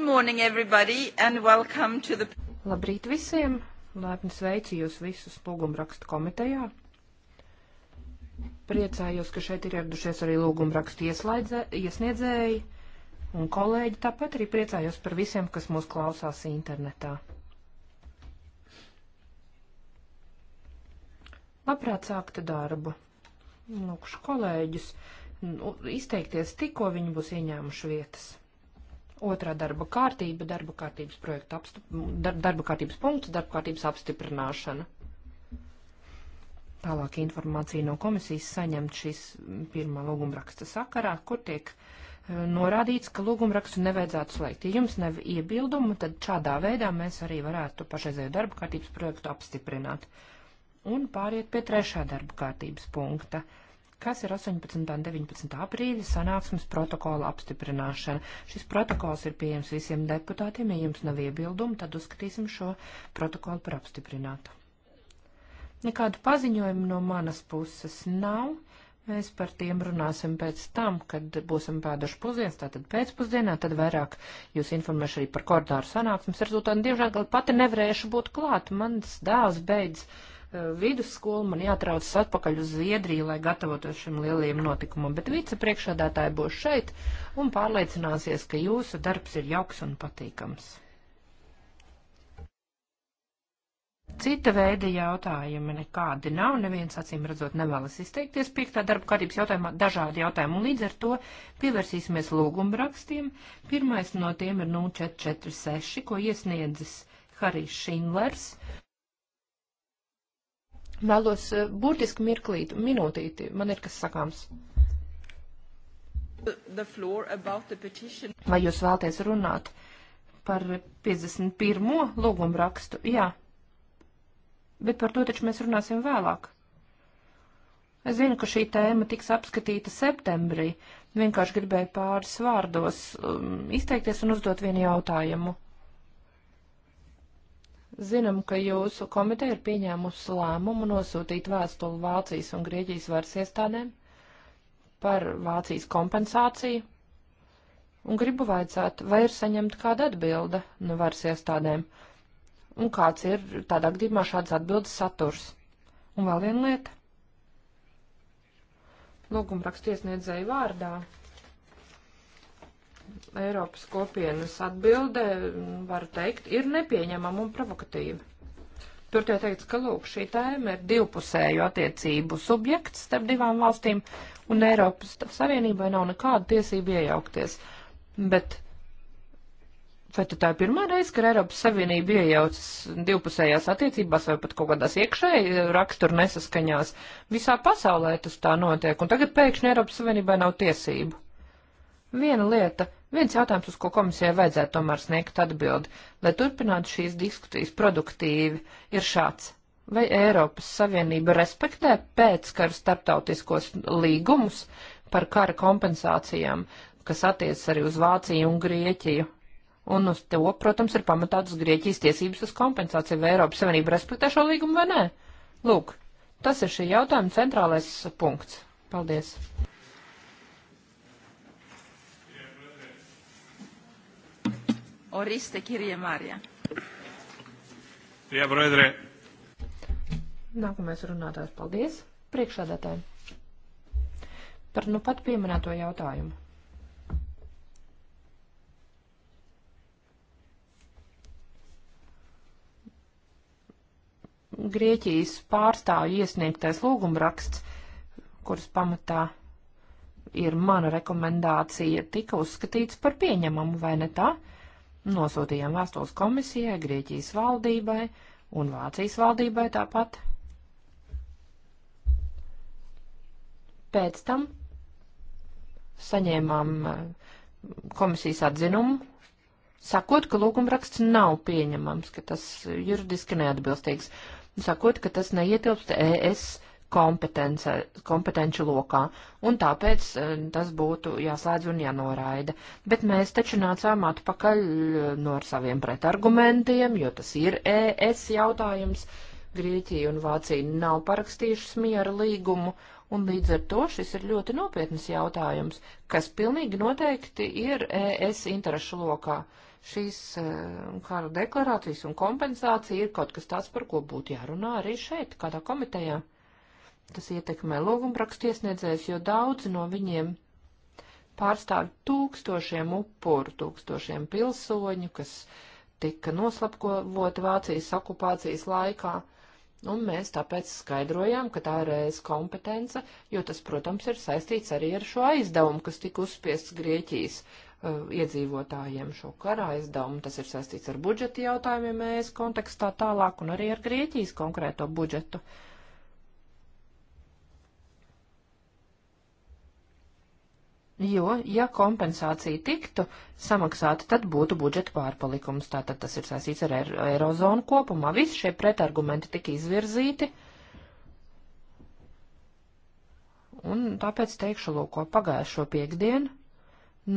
Good morning, everybody, and welcome to the... Labrīt visiem! Laipni sveicu jūs visus lūgumrakstu komitejā. Priecājos, ka šeit ir ieradušies arī lūgumrakstu iesniedzēji un kolēģi. Tāpat arī priecājos par visiem, kas mūs klausās internetā. Labprāt sāktu darbu. Lūkšu kolēģus nu, izteikties tikko viņi būs ieņēmuši vietas. Otrā darba kārtība, darba kārtības projekta apstiprināšana, darba kārtības punkts, darba kārtības apstiprināšana. Tālāk informācija no komisijas saņemt šīs pirmā lūgumraksta sakarā, kur tiek eh, norādīts, ka lūgumrakstu nevajadzētu slēgt. Ja jums nav iebildumu, tad šādā veidā mēs arī varētu pašreizēju darba kārtības projektu apstiprināt. Un pāriet pie trešā darba kārtības punkta. Uh, kas ir 18. un 19. aprīļa sanāksmes protokola apstiprināšana. Šis protokols ir pieejams visiem deputātiem, ja jums nav iebildumu, tad uzskatīsim šo protokolu par apstiprinātu. Nekādu paziņojumu no manas puses nav. Mēs par tiem runāsim pēc tam, kad būsim pēduši pusdienas, tātad pēcpusdienā, tad vairāk jūs informēšu arī par koordināru sanāksmes rezultātu. Diemžēl, ka pati nevarēšu būt klāt, mans dēls beidz uh, Eh, vidusskolu, man jātraucas atpakaļ uz Zviedriju, lai gatavotos šim lielajam notikumam, bet vicepriekšādātāji būs šeit un pārliecināsies, ka jūsu darbs ir jauks un patīkams. Cita veida jautājumi nekādi nav, neviens acīm redzot nevēlas izteikties piektā darba kārtības jautājumā dažādi jautājumi, un līdz ar to pievērsīsimies lūgumrakstiem. Pirmais no tiem ir 0446, ko iesniedzis Harijs Šinlers. Vēlos eh, burtiski mirklīt, minūtīti, man ir kas sakāms. Vai jūs vēlties runāt par 51. lūgumu rakstu? Jā. Bet par to taču mēs runāsim vēlāk. Es zinu, ka šī tēma tiks apskatīta septembrī. Vienkārši gribēju pāris vārdos um, izteikties un uzdot vienu jautājumu. Zinām, ka jūsu komiteja ir pieņēmusi lēmumu nosūtīt vēstuli Vācijas un Grieķijas varas iestādēm par Vācijas kompensāciju. Un gribu vaicāt, vai ir saņemta kāda atbilde no varas iestādēm, un kāds ir tādā gadījumā šāds atbildes saturs. Un vēl viena lieta. Lūgumrakstiesniedzēju vārdā Eiropas kopienas atbilde, var teikt, ir nepieņemama un provokatīva. Tur tiek teikts, ka lūk, šī tēma ir divpusēju attiecību subjekts starp divām valstīm, un Eiropas Savienībai nav nekāda tiesība iejaukties. Bet vai tā ir pirmā reize, kad Eiropas Savienība iejaucas divpusējās attiecībās vai pat kaut kādās iekšēji rakstur nesaskaņās? Visā pasaulē tas tā notiek, un tagad pēkšņi Eiropas Savienībai nav tiesību. Viena lieta, viens jautājums, uz ko komisijai vajadzētu tomēr sniegt atbildi, lai turpinātu šīs diskusijas produktīvi, ir šāds. Vai Eiropas Savienība respektē pēckara starptautiskos līgumus par kara kompensācijām, kas attiec arī uz Vāciju un Grieķiju? Un uz to, protams, ir pamatātas Grieķijas tiesības uz kompensāciju, vai Eiropas Savienība respektē šo līgumu vai nē. Lūk, tas ir šī jautājuma centrālais punkts. Paldies! Ορίστε κύριε Μάρια. Jā, Broedrē. Nākamais runātājs, paldies. Priekšādātājiem. Par nu pat pieminēto jautājumu. Grieķijas pārstāvju iesniegtais lūgumraksts, kuras pamatā ir mana rekomendācija, tika uzskatīts par pieņemamu, vai ne tā? Uh, Nosūtījām vēstules komisijai, Grieķijas valdībai un Vācijas valdībai tāpat. Pēc tam saņēmām eh, komisijas atzinumu, sakot, ka lūgumraksts nav pieņemams, ka tas juridiski neatbilstīgs, sakot, ka tas neietilpst ES kompetenci lokā, un tāpēc e, tas būtu jāslēdz un jānoraida. Bet mēs taču nācām atpakaļ e, no saviem pretargumentiem, jo tas ir ES jautājums. Grieķija un Vācija nav parakstījušas miera līgumu, un līdz ar to šis ir ļoti nopietnas jautājums, kas pilnīgi noteikti ir ES interešu lokā. Šīs e, kara deklarācijas un kompensācija ir kaut kas tāds, par ko būtu jārunā arī šeit, kādā komitejā. Tas ietekmē lūgumrakstu iesniedzējus, jo daudzi no viņiem pārstāv tūkstošiem upuru, tūkstošiem pilsoņu, kas tika noslapkavoti Vācijas okupācijas laikā. Un mēs tāpēc skaidrojām, ka tā ir ES kompetence, jo tas, protams, ir saistīts arī ar šo aizdevumu, kas tika uzspiests Grieķijas uh, iedzīvotājiem šo karā aizdevumu. Tas ir saistīts ar budžeta jautājumiem ES kontekstā tālāk un arī ar Grieķijas konkrēto budžetu. Uh, Jo, ja kompensācija tiktu samaksāta, tad būtu budžeta pārpalikums. Tātad tas ir saistīts ar Eirozonu kopumā. Visi šie pretargumenti tika izvirzīti. Un tāpēc teikšu, lūk, pagājušo piekdienu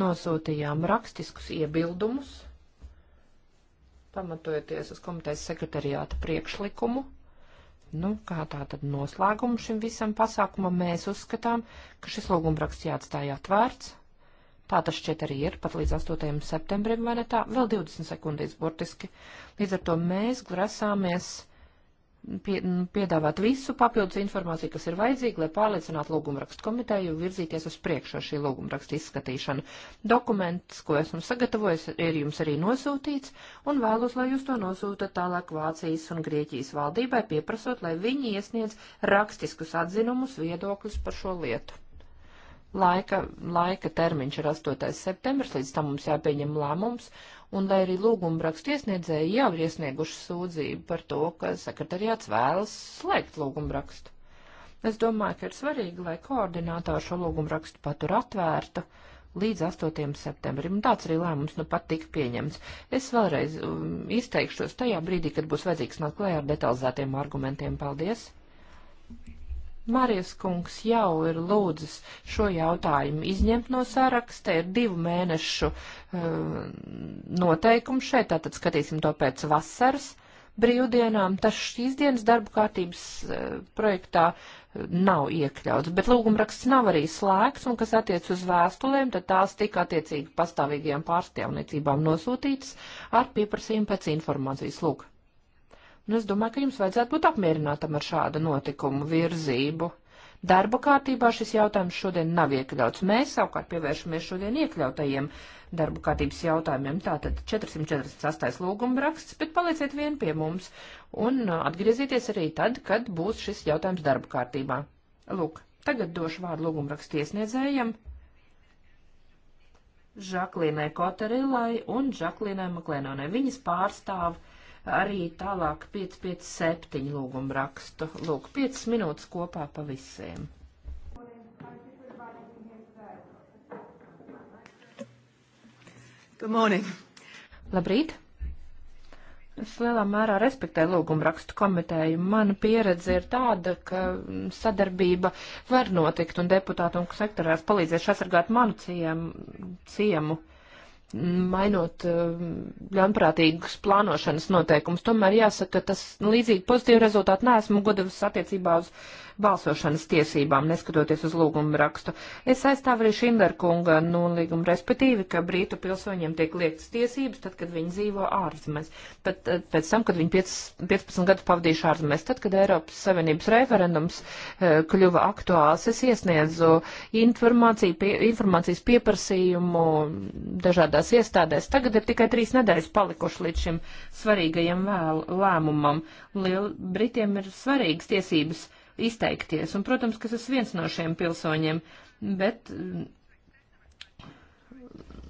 nosūtījām rakstiskus iebildumus, pamatojoties uz komitejas sekretariāta priekšlikumu Nu, kā tā tad noslēgumu šim visam pasākumam mēs uzskatām, ka šis lūgumraksts jāatstāja atvērts. Tā tas šķiet arī ir, pat līdz 8. septembrim, vai ne tā, vēl 20 sekundīs burtiski. Līdz ar to mēs grasāmies pie, piedāvāt visu papildus informāciju, kas ir vajadzīga, lai pārliecinātu lūgumrakstu komiteju virzīties uz priekšu ar šī lūgumrakstu izskatīšanu. Dokuments, ko esmu sagatavojis, ir jums arī nosūtīts, un vēlos, lai jūs to nosūtat tālāk Vācijas un Grieķijas valdībai, pieprasot, lai viņi iesniedz rakstiskus atzinumus viedokļus par šo lietu. Laika, laika termiņš ir 8. septembris, līdz tam mums jāpieņem lēmums, un lai arī lūguma rakstu iesniedzēji jau ir iesnieguši sūdzību par to, ka sekretariāts vēlas slēgt lūguma rakstu. Es domāju, ka ir svarīgi, lai koordinātāri šo lūguma rakstu patur atvērtu līdz 8. septembrim. Tāds arī lēmums nu pat tika pieņemts. Es vēlreiz um, izteikšos tajā brīdī, kad būs vajadzīgs nāk klējā ar detalizētiem argumentiem. Paldies! Marijas kungs jau ir lūdzis šo jautājumu izņemt no saraksta, ir divu mēnešu uh, eh, noteikums šeit, tātad skatīsim to pēc vasaras brīvdienām. Tas šīs dienas darba kārtības uh, projektā eh, nav iekļauts, bet lūgumraksts nav arī slēgts, un kas attiec uz vēstulēm, tad tās tika attiecīgi pastāvīgajām pārstāvniecībām nosūtītas ar pieprasījumu pēc informācijas. Lūk. Nu, es domāju, ka jums vajadzētu būt apmierinātam ar šādu notikumu virzību. Darba kārtībā šis jautājums šodien nav iekļauts. Mēs savukārt pievēršamies šodien iekļautajiem darba kārtības jautājumiem. Tātad 448. lūguma raksts, bet palieciet vien pie mums un uh, atgriezieties arī tad, kad būs šis jautājums darba kārtībā. Lūk, tagad došu vārdu lūguma rakstu iesniedzējiem Žaklīnai Koterilai un Žaklīnai Maklēnonai. Viņas pārstāv uh, arī tālāk 557 lūgumu rakstu. Lūk, 5 minūtes kopā pa visiem. Good morning. Labrīt! Es lielā mērā respektēju lūgumu rakstu komiteju. Mana pieredze ir tāda, ka sadarbība var notikt un deputātu un sektorās palīdzēšu aizsargāt manu ciemu. ciemu mainot eh, ļaunprātīgus plānošanas noteikumus. Tomēr jāsaka, ka tas līdzīgi pozitīvi rezultāti neesmu godavs attiecībā uz balsošanas tiesībām, neskatoties uz lūgumu rakstu. Es aizstāvu arī Šinderkunga nolīgumu, respektīvi, ka brītu pilsoņiem tiek liektas tiesības, tad, kad viņi dzīvo ārzemēs, tad, eh, pēc tam, kad viņi 15, 15 gadus pavadījuši ārzemēs, tad, kad Eiropas Savienības referendums eh, kļuva aktuāls, es iesniedzu informāciju, pie, informācijas pieprasījumu dažādās iestādēs. Tagad ir tikai trīs nedēļas palikuši līdz šim svarīgajam vēl, lēmumam. Liel, Britiem ir svarīgas tiesības izteikties. Un, protams, ka es viens no šiem pilsoņiem, bet mm,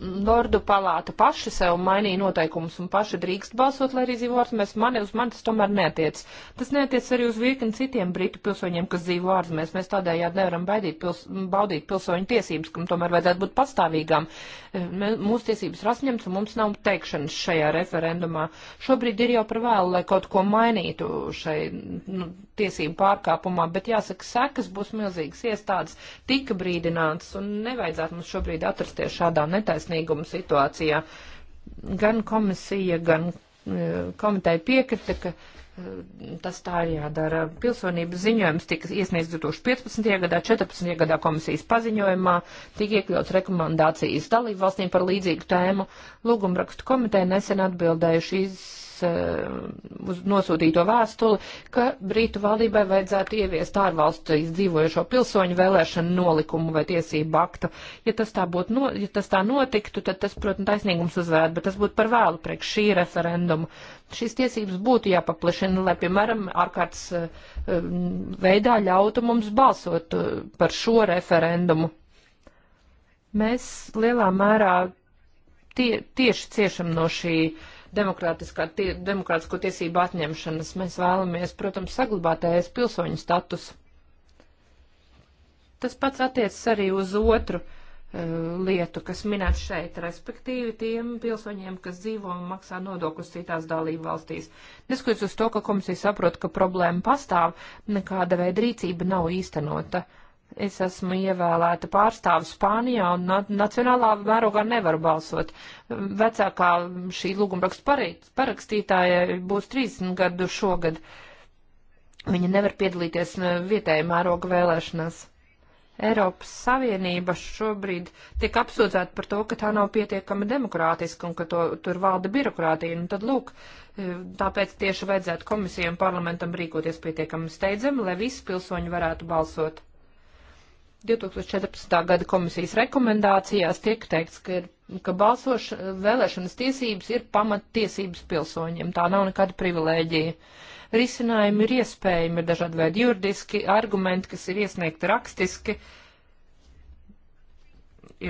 Lordu palāta paši sev mainīja noteikumus un paši drīkst balsot, lai arī dzīvo ārzemēs. Mani uz mani tas tomēr netiec. Tas netiec arī uz virkni citiem britu pilsoņiem, kas dzīvo ārzemēs. Mēs tādējādi nevaram baidīt pils, baudīt pilsoņu tiesības, kam tomēr vajadzētu būt pastāvīgām. Eh, mūsu tiesības ir asņemts un mums nav teikšanas šajā referendumā. Šobrīd ir jau par vēlu, lai kaut ko mainītu šai nu, tiesību pārkāpumā, bet jāsaka, sekas būs milzīgas. Iestādes tika brīdināts un nevajadzētu mums šobrīd atrasties šādā netaisnīguma situācijā. Gan komisija, gan e, komiteja piekrita, ka e, tas tā ir jādara. Pilsonības ziņojums tika iesniegts 2015. gadā, 14. gadā komisijas paziņojumā, tika iekļauts rekomendācijas dalību valstīm par līdzīgu tēmu. Lūgumrakstu komiteja nesen atbildēja šīs Eh, uz nosūtīto vēstuli, ka Brītu valdībai vajadzētu ieviest ārvalstīs dzīvojošo pilsoņu vēlēšanu nolikumu vai tiesību aktu. Ja tas tā, būtu, no, ja tas tā notiktu, tad tas, protams, taisnīgums uzvērtu, bet tas būtu par vēlu priekš šī referendumu. Šīs tiesības būtu jāpaplašina, lai, piemēram, ārkārtas eh, veidā ļautu mums balsot eh, par šo referendumu. Mēs lielā mērā tie, tieši ciešam no šī uh, demokrātisko tiesību atņemšanas. Mēs vēlamies, protams, saglabāt ES pilsoņu status. Tas pats attiecas arī uz otru uh, lietu, kas minēts šeit, respektīvi tiem pilsoņiem, kas dzīvo un maksā nodokļus citās dalību valstīs. Neskatoties uz to, ka komisija saprot, ka problēma pastāv, nekāda veida rīcība nav īstenota. Uh, Es esmu ievēlēta pārstāvu Spānijā un na nacionālā mērogā nevaru balsot. Vecākā šī lūgumrakstu parakstītāja būs 30 gadu šogad. Viņa nevar piedalīties vietējā mēroga vēlēšanās. Eiropas Savienība šobrīd tiek apsūdzēta par to, ka tā nav pietiekami demokrātiska un ka to, tur valda birokrātija. Un tad, lūk, e, tāpēc tieši vajadzētu komisijai un parlamentam rīkoties pietiekami steidzami, lai visi pilsoņi varētu balsot. 2014. gada komisijas rekomendācijās tiek teikts, ka, ir, ka balsoš, vēlēšanas tiesības ir pamattiesības pilsoņiem. Tā nav nekāda privilēģija. Risinājumi ir iespējami, ir dažādi veidi juridiski, argumenti, kas ir iesniegti rakstiski,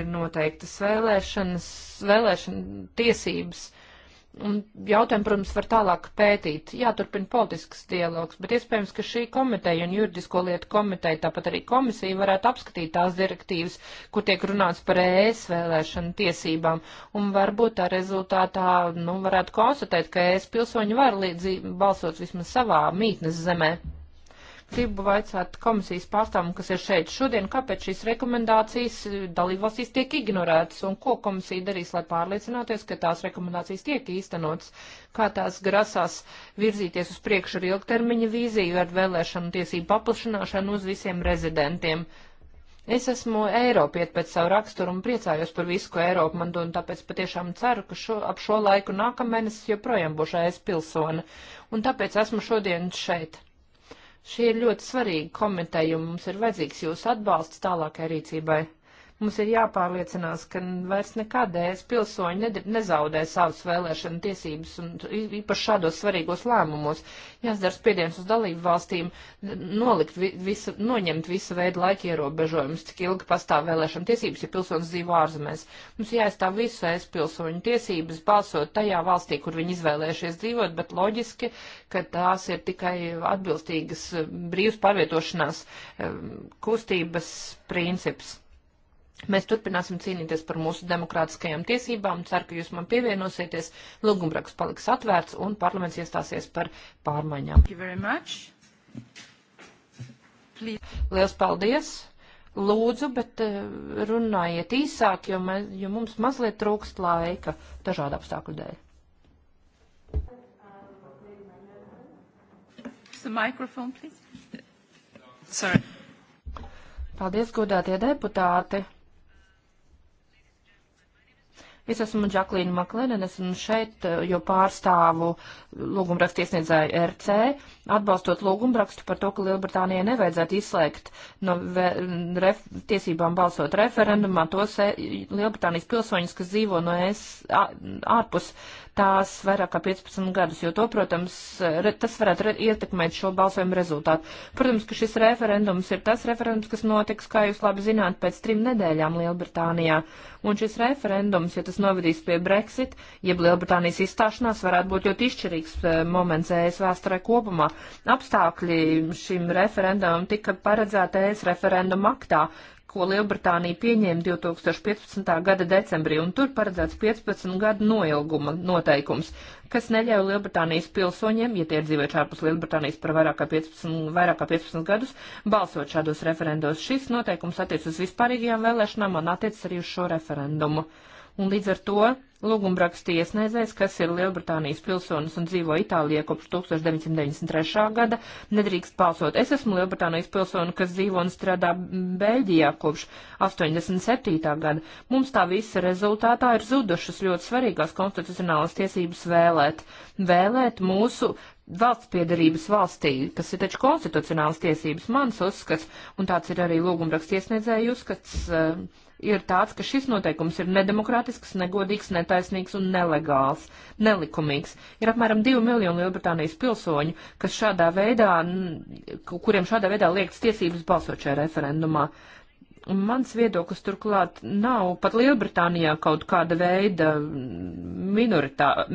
ir noteiktas vēlēšanas, vēlēšana tiesības Un jautājumu, protams, var tālāk pētīt. Jāturpina politisks dialogs, bet iespējams, ka šī komiteja un juridisko lietu komiteja, tāpat arī komisija varētu apskatīt tās direktīvas, kur tiek runāts par ES vēlēšanu tiesībām. Un varbūt tā rezultātā, nu, varētu konstatēt, ka ES pilsoņi var līdzi balsot vismaz savā mītnes zemē. Gribu vaicāt komisijas pārstāvam, kas ir šeit šodien, kāpēc šīs rekomendācijas eh, dalībvalstīs tiek ignorētas un ko komisija darīs, lai pārliecinātos, ka tās rekomendācijas tiek īstenotas, kā tās grasās virzīties uz priekšu ar ilgtermiņa vīziju, ar vēlēšanu tiesību paplašināšanu uz visiem rezidentiem. Es esmu Eiropiet pēc savu raksturu un priecājos par visu, ko Eiropa man dod, un tāpēc patiešām ceru, ka šo, ap šo laiku nākamēnes joprojām būšu es pilsona. Un tāpēc esmu šodien šeit. Šie ir ļoti svarīgi komentējumi, mums ir vajadzīgs jūsu atbalsts tālākai rīcībai. Mums ir jāpārliecinās, ka vairs nekādēļ pilsoņi nezaudē savas vēlēšana tiesības un īpaši šādos svarīgos lēmumos. Jāsadara spiediens uz dalību valstīm, nolikt visu, noņemt visu veidu laika ierobežojumus, cik ilgi pastāv vēlēšana tiesības, ja pilsonis dzīvo ārzemēs. Mums jāaizstāv visu es pilsoņu tiesības, balsot tajā valstī, kur viņi izvēlējušies dzīvot, bet loģiski, ka tās ir tikai atbilstīgas brīvas pārvietošanās kustības princips. Mēs turpināsim cīnīties par mūsu demokrātiskajām tiesībām. Ceru, ka jūs man pievienosieties. Lūgumraksts paliks atvērts un parlaments iestāsies par pārmaiņām. Lielas paldies! Lūdzu, bet eh, runājiet īsāk, jo, mēs, jo mums mazliet trūkst laika dažādu apstākļu dēļ. The microphone, please. Sorry. Paldies, godātie deputāti! Es esmu Džaklīna Maklēna, esmu šeit, eh, jo pārstāvu lūgumrakstu iesniedzēju RC, atbalstot lūgumrakstu par to, ka Lielbritānijai nevajadzētu izslēgt no ref, tiesībām balsot referendumā tos eh, Lielbritānijas pilsoņus, kas dzīvo no es ārpus. Uh, tās vairāk kā 15 gadus, jo to, protams, tas varētu ietekmēt šo balsojumu rezultātu. Protams, ka šis referendums ir tas referendums, kas notiks, kā jūs labi zināt, pēc trim nedēļām Lielbritānijā. Un šis referendums, ja tas novedīs pie Brexit, jeb Lielbritānijas izstāšanās, varētu būt ļoti izšķirīgs eh, moments ES vēsturē kopumā. Apstākļi šim referendumam tika paredzēti ES referenduma aktā, ko Lielbritānija pieņēma 2015. gada decembrī, un tur paredzēts 15 gadu noilguma noteikums, kas neļauj Lielbritānijas pilsoņiem, ja tie ir dzīvojuši ārpus Lielbritānijas par vairāk kā 15, vairāk kā 15 gadus, balsot šādos referendos. Šis noteikums attiec uz vispārīgajām vēlēšanām un attiec arī uz šo referendumu. Uh, Un līdz ar to lūgumraksta iesniedzējs, kas ir Lielbritānijas pilsonis un dzīvo Itālijā kopš 1993. gada, nedrīkst balsot. Es esmu Lielbritānijas pilsoni, kas dzīvo un strādā Beļģijā kopš 87. gada. Mums tā visa rezultātā ir zudušas ļoti svarīgās konstitucionālas tiesības vēlēt. Vēlēt mūsu valsts piedarības valstī, kas ir taču konstitucionālas tiesības mans uzskats, un tāds ir arī lūgumraksta iesniedzēju uzskats. Uh, ir tāds, ka šis noteikums ir nedemokrātisks, negodīgs, netaisnīgs un nelegāls, nelikumīgs. Ir apmēram 2 miljoni Lielbritānijas pilsoņu, kas šādā veidā, kuriem šādā veidā liektas tiesības balsot šajā referendumā. Uh, Un mans viedoklis turklāt nav pat Lielbritānijā kaut kāda veida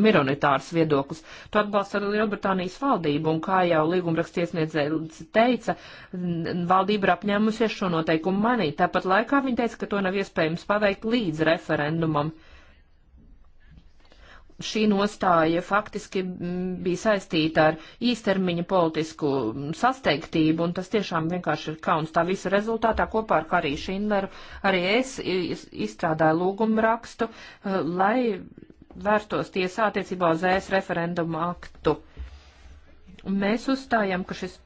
minoritārs viedoklis. To atbalsta arī Lielbritānijas valdība, un kā jau līgumrakstiesniedzējs teica, valdība ir apņēmusies šo noteikumu manīt. Tāpat laikā viņa teica, ka to nav iespējams paveikt līdz referendumam. Uh, šī nostāja faktiski mm, bija saistīta ar īstermiņa politisku mm, sasteigtību, un tas tiešām vienkārši ir kauns. Tā visa rezultātā kopā ar Kariju Šindleru arī es izstrādāju lūgumu rakstu, eh, lai vērstos tiesā attiecībā uz ES referendumu aktu. Un mēs uzstājam, ka šis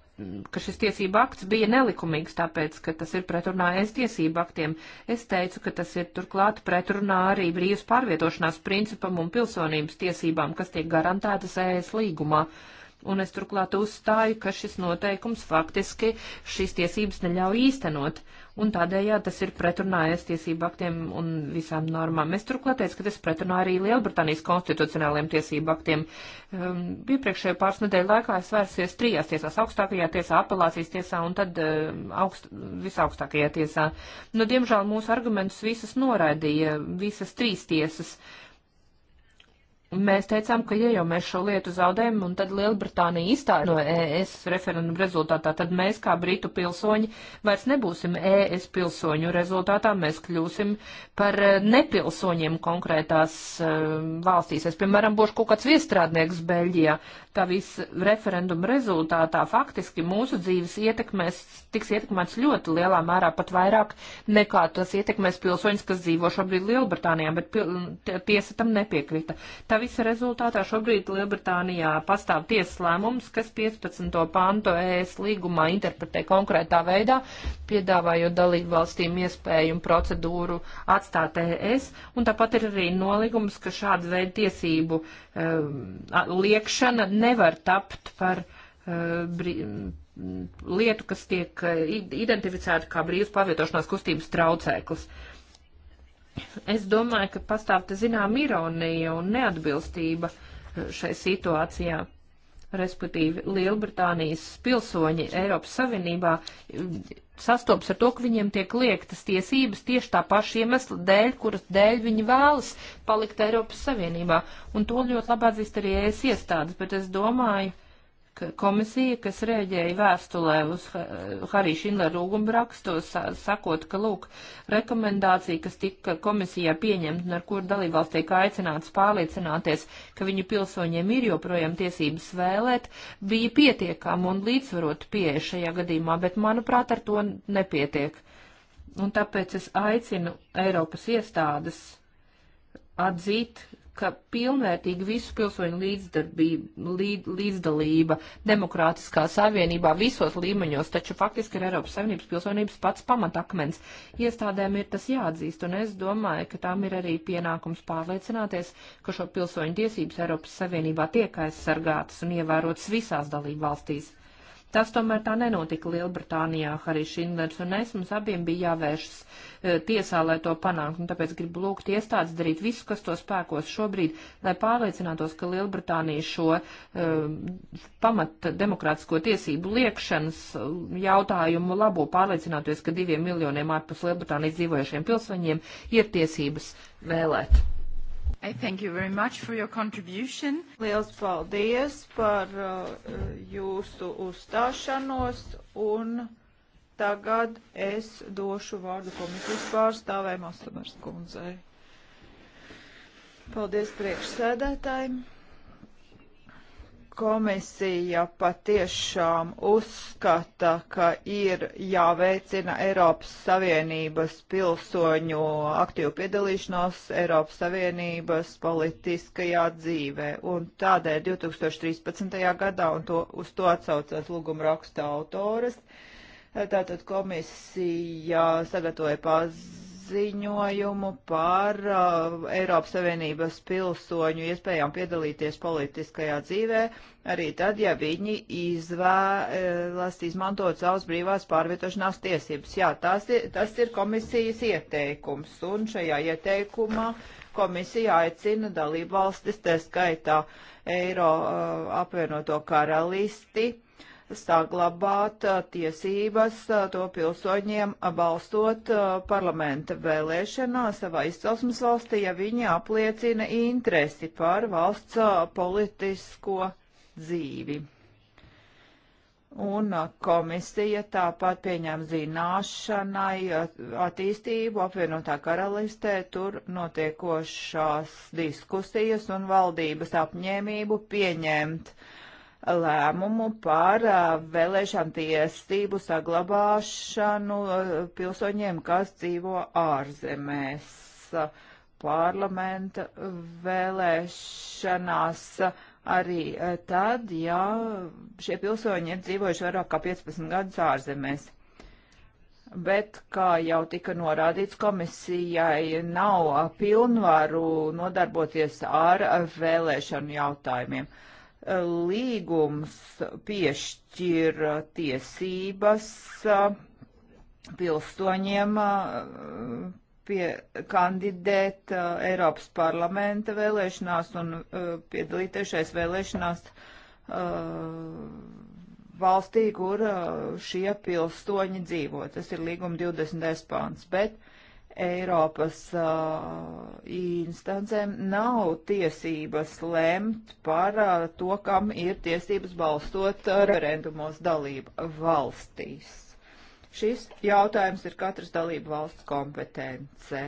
ka šis tiesība akts bija nelikumīgs, tāpēc, ka tas ir pretrunā es tiesību aktiem. Es teicu, ka tas ir turklāt pretrunā arī brīvas pārvietošanās principam un pilsonības tiesībām, kas tiek garantētas ES līgumā. Uh, un es turklāt uzstāju, ka šis noteikums faktiski šīs tiesības neļauj īstenot, un tādējādi tas ir pretrunājies tiesību aktiem un visām normām. Es turklāt teicu, ka tas pretrunā arī Lielbritānijas konstitucionāliem tiesību aktiem. Um, Iepriekšējo pāris nedēļu laikā es vērsies trijās tiesās - augstākajā tiesā, apelācijas tiesā un tad um, augst, visaugstākajā tiesā. Nu, diemžēl mūsu argumentus visas noraidīja, visas trīs tiesas. Uh, Mēs teicām, ka ja jau mēs šo lietu zaudējam un tad Lielbritānija izstāja no ES referendumu rezultātā, tad mēs kā Britu pilsoņi vairs nebūsim ES pilsoņu rezultātā, mēs kļūsim par eh, nepilsoņiem konkrētās uh, valstīs. Es, piemēram, būšu kaut kāds viestrādnieks Beļģijā. Tā visa referenduma rezultātā faktiski mūsu dzīves ietekmēs, tiks ietekmēts ļoti lielā mērā, pat vairāk nekā tas ietekmēs pilsoņus, kas dzīvo šobrīd Lielbritānijā, bet pil, tiesa tam nepiekrita. Tā visa rezultātā šobrīd Lielbritānijā pastāv tiesas lēmums, kas 15. pantu ES līgumā interpretē konkrētā veidā, piedāvājot dalību valstīm iespēju un procedūru atstāt ES, un tāpat ir arī nolīgums, ka šāda veida tiesību um, liekšana nevar tapt par eh, lietu, kas tiek eh, identificēta kā brīvas pārvietošanās kustības traucēklis. Es domāju, ka pastāv te zinām ironija un neatbilstība eh, šai situācijā. Respektīvi, Lielbritānijas pilsoņi Eiropas Savienībā eh, sastopas ar to, ka viņiem tiek liektas tiesības tieši tā paša iemesla dēļ, kuras dēļ viņi vēlas palikt Eiropas Savienībā. Un to ļoti labi atzīst arī es iestādes, bet es domāju, ka komisija, kas rēģēja vēstulē uz Harī Šindla rūgumu rakstos, sakot, ka, lūk, rekomendācija, kas tika komisijā pieņemta un ar kur dalībvalsts tiek aicināts pārliecināties, ka viņu pilsoņiem ir joprojām tiesības vēlēt, bija pietiekama un līdzvarot pieeja šajā gadījumā, bet, manuprāt, ar to nepietiek. Un tāpēc es aicinu Eiropas iestādes atzīt ka pilnvērtīgi visu pilsoņu līdzdarbība, līd, līdzdalība demokrātiskā savienībā visos līmeņos, taču faktiski ir Eiropas Savienības pilsonības pats pamatakmens. Iestādēm ir tas jāatzīst, un es domāju, ka tām ir arī pienākums pārliecināties, ka šo pilsoņu tiesības Eiropas Savienībā tiek aizsargātas un ievērotas visās dalību valstīs. Tas tomēr tā nenotika Lielbritānijā. Arī Šindlers un es mums abiem bija jāvēršas e, tiesā, lai to panāktu. Tāpēc gribu lūgt iestādes darīt visu, kas to spēkos šobrīd, lai pārliecinātos, ka Lielbritānija šo e, pamat demokrātisko tiesību liekšanas jautājumu labo pārliecinātos, ka diviem miljoniem ārpus Lielbritānijas dzīvojušiem pilsoņiem ir tiesības vēlēt. I thank you very much for your contribution. Liels paldies par uh, jūsu uzstāšanos un tagad es došu vārdu komisijas pārstāvēm Asamars kundzei. Paldies priekšsēdētājiem komisija patiešām uzskata, ka ir jāveicina Eiropas Savienības pilsoņu aktīvu piedalīšanos Eiropas Savienības politiskajā dzīvē. Un tādēļ 2013. gadā, un to, uz to atsaucās lūguma raksta autoras, tātad komisija sagatavoja paziņojumu ziņojumu par uh, Eiropas Savienības pilsoņu iespējām piedalīties politiskajā dzīvē, arī tad, ja viņi izvēlas izmantot savas brīvās pārvietošanās tiesības. Jā, tas ir, tas ir komisijas ieteikums, un šajā ieteikumā komisija aicina dalību valstis, tā skaitā Eiro uh, apvienoto karalisti, saglabāt tiesības to pilsoņiem balstot parlamenta vēlēšanā savā izcelsmes valstī, ja viņi apliecina interesi par valsts politisko dzīvi. Un komisija tāpat pieņem zināšanai attīstību apvienotā karalistē tur notiekošās diskusijas un valdības apņēmību pieņemt uh, lēmumu par vēlēšanu tiesību saglabāšanu pilsoņiem, kas dzīvo ārzemēs. Parlamenta vēlēšanās arī tad, ja šie pilsoņi ir dzīvojuši vairāk kā 15 gadus ārzemēs bet, kā jau tika norādīts, komisijai nav pilnvaru nodarboties ar vēlēšanu jautājumiem. Līgums piešķir tiesības pilsoņiem pie, kandidēt Eiropas parlamenta vēlēšanās un piedalīties šais vēlēšanās valstī, kur šie pilsoņi dzīvo. Tas ir līguma 20. pāns. Bet uh, Eiropas uh, instancēm nav tiesības lemt par uh, to, kam ir tiesības balstot referendumos dalību valstīs. Šis jautājums ir katras dalību valsts kompetence.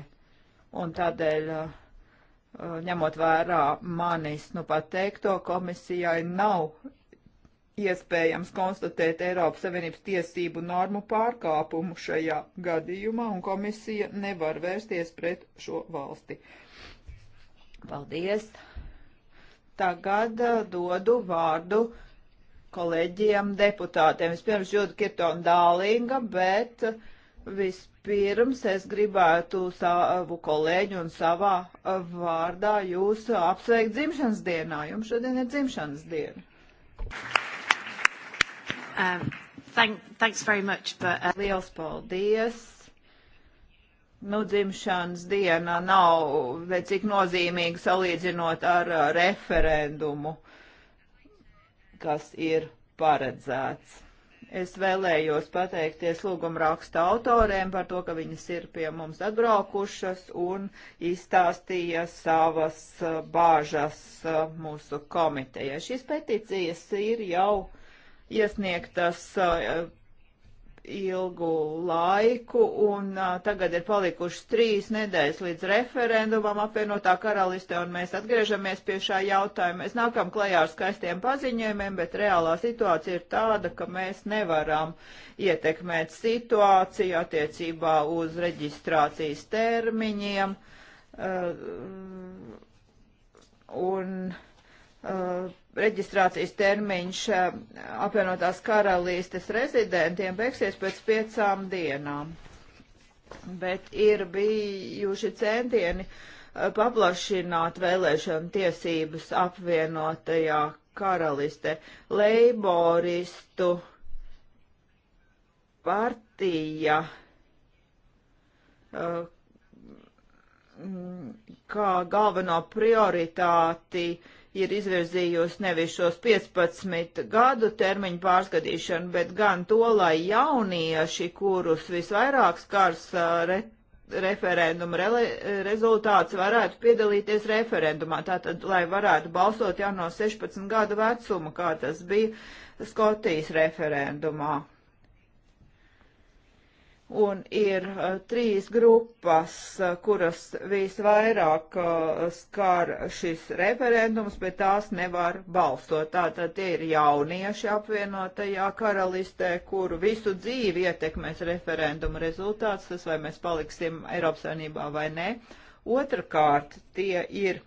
Un tādēļ, uh, ņemot vērā manis, nu pat teikto, komisijai nav iespējams konstatēt Eiropas Savienības tiesību normu pārkāpumu šajā gadījumā, un komisija nevar vērsties pret šo valsti. Paldies! Tagad uh, dodu vārdu kolēģiem deputātiem. Vispirms jūtu Kirtona Dālinga, bet uh, vispirms es gribētu savu kolēģi un savā uh, vārdā jūs apsveikt dzimšanas dienā. Jums šodien ir dzimšanas diena. Thank you. Um, thank, thanks very much, but... Uh... Liels paldies! Nu, dzimšanas diena nav vec cik nozīmīga salīdzinot ar uh, referendumu, kas ir paredzēts. Es vēlējos pateikties lūgumraksta autoriem par to, ka viņas ir pie mums atbraukušas un izstāstīja savas uh, bāžas uh, mūsu komitejai. Šīs petīcijas ir jau iesniegtas uh, ilgu laiku, un uh, tagad ir palikušas trīs nedēļas līdz referendumam apvienotā karaliste, un mēs atgriežamies pie šā jautājuma. Mēs nākam klajā ar skaistiem paziņojumiem, bet reālā situācija ir tāda, ka mēs nevaram ietekmēt situāciju attiecībā uz reģistrācijas termiņiem. Uh, un, uh, reģistrācijas termiņš eh, apvienotās karalīstes rezidentiem beigsies pēc piecām dienām. Bet ir bijuši centieni eh, paplašināt vēlēšanu tiesības apvienotajā karaliste. Leiboristu partija, eh, kā galveno prioritāti, uh, ir izvirzījusi nevis šos 15 gadu termiņu pārskatīšanu, bet gan to, lai jaunieši, kurus visvairāk skars re, referenduma re, rezultāts, varētu piedalīties referendumā. Tātad, lai varētu balsot jau no 16 gadu vecuma, kā tas bija Skotijas referendumā. Un ir uh, trīs grupas, uh, kuras visvairāk uh, skar šis referendums, bet tās nevar balsot. Tātad tie ir jaunieši apvienotajā karalistē, kuru visu dzīvi ietekmēs referenduma rezultāts, tas vai mēs paliksim Eiropas Savienībā vai nē. Otrakārt, tie ir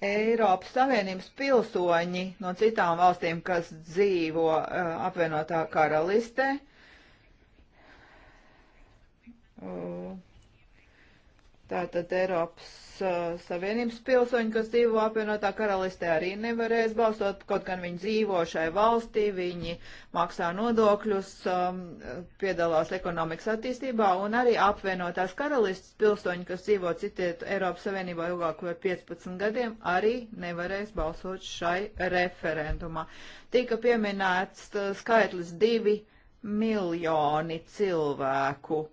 Eiropas Savienības pilsoņi no citām valstīm, kas dzīvo uh, apvienotā karalistē, Tātad Eiropas uh, Savienības pilsoņi, kas dzīvo apvienotā karalistē, arī nevarēs balsot, kaut gan viņi dzīvo šai valstī, viņi maksā nodokļus, um, piedalās ekonomikas attīstībā, un arī apvienotās karalistes pilsoņi, kas dzīvo citiet Eiropas Savienībā ilgāk par 15 gadiem, arī nevarēs balsot šai referendumā. Tika pieminēts uh, skaitlis 2 miljoni cilvēku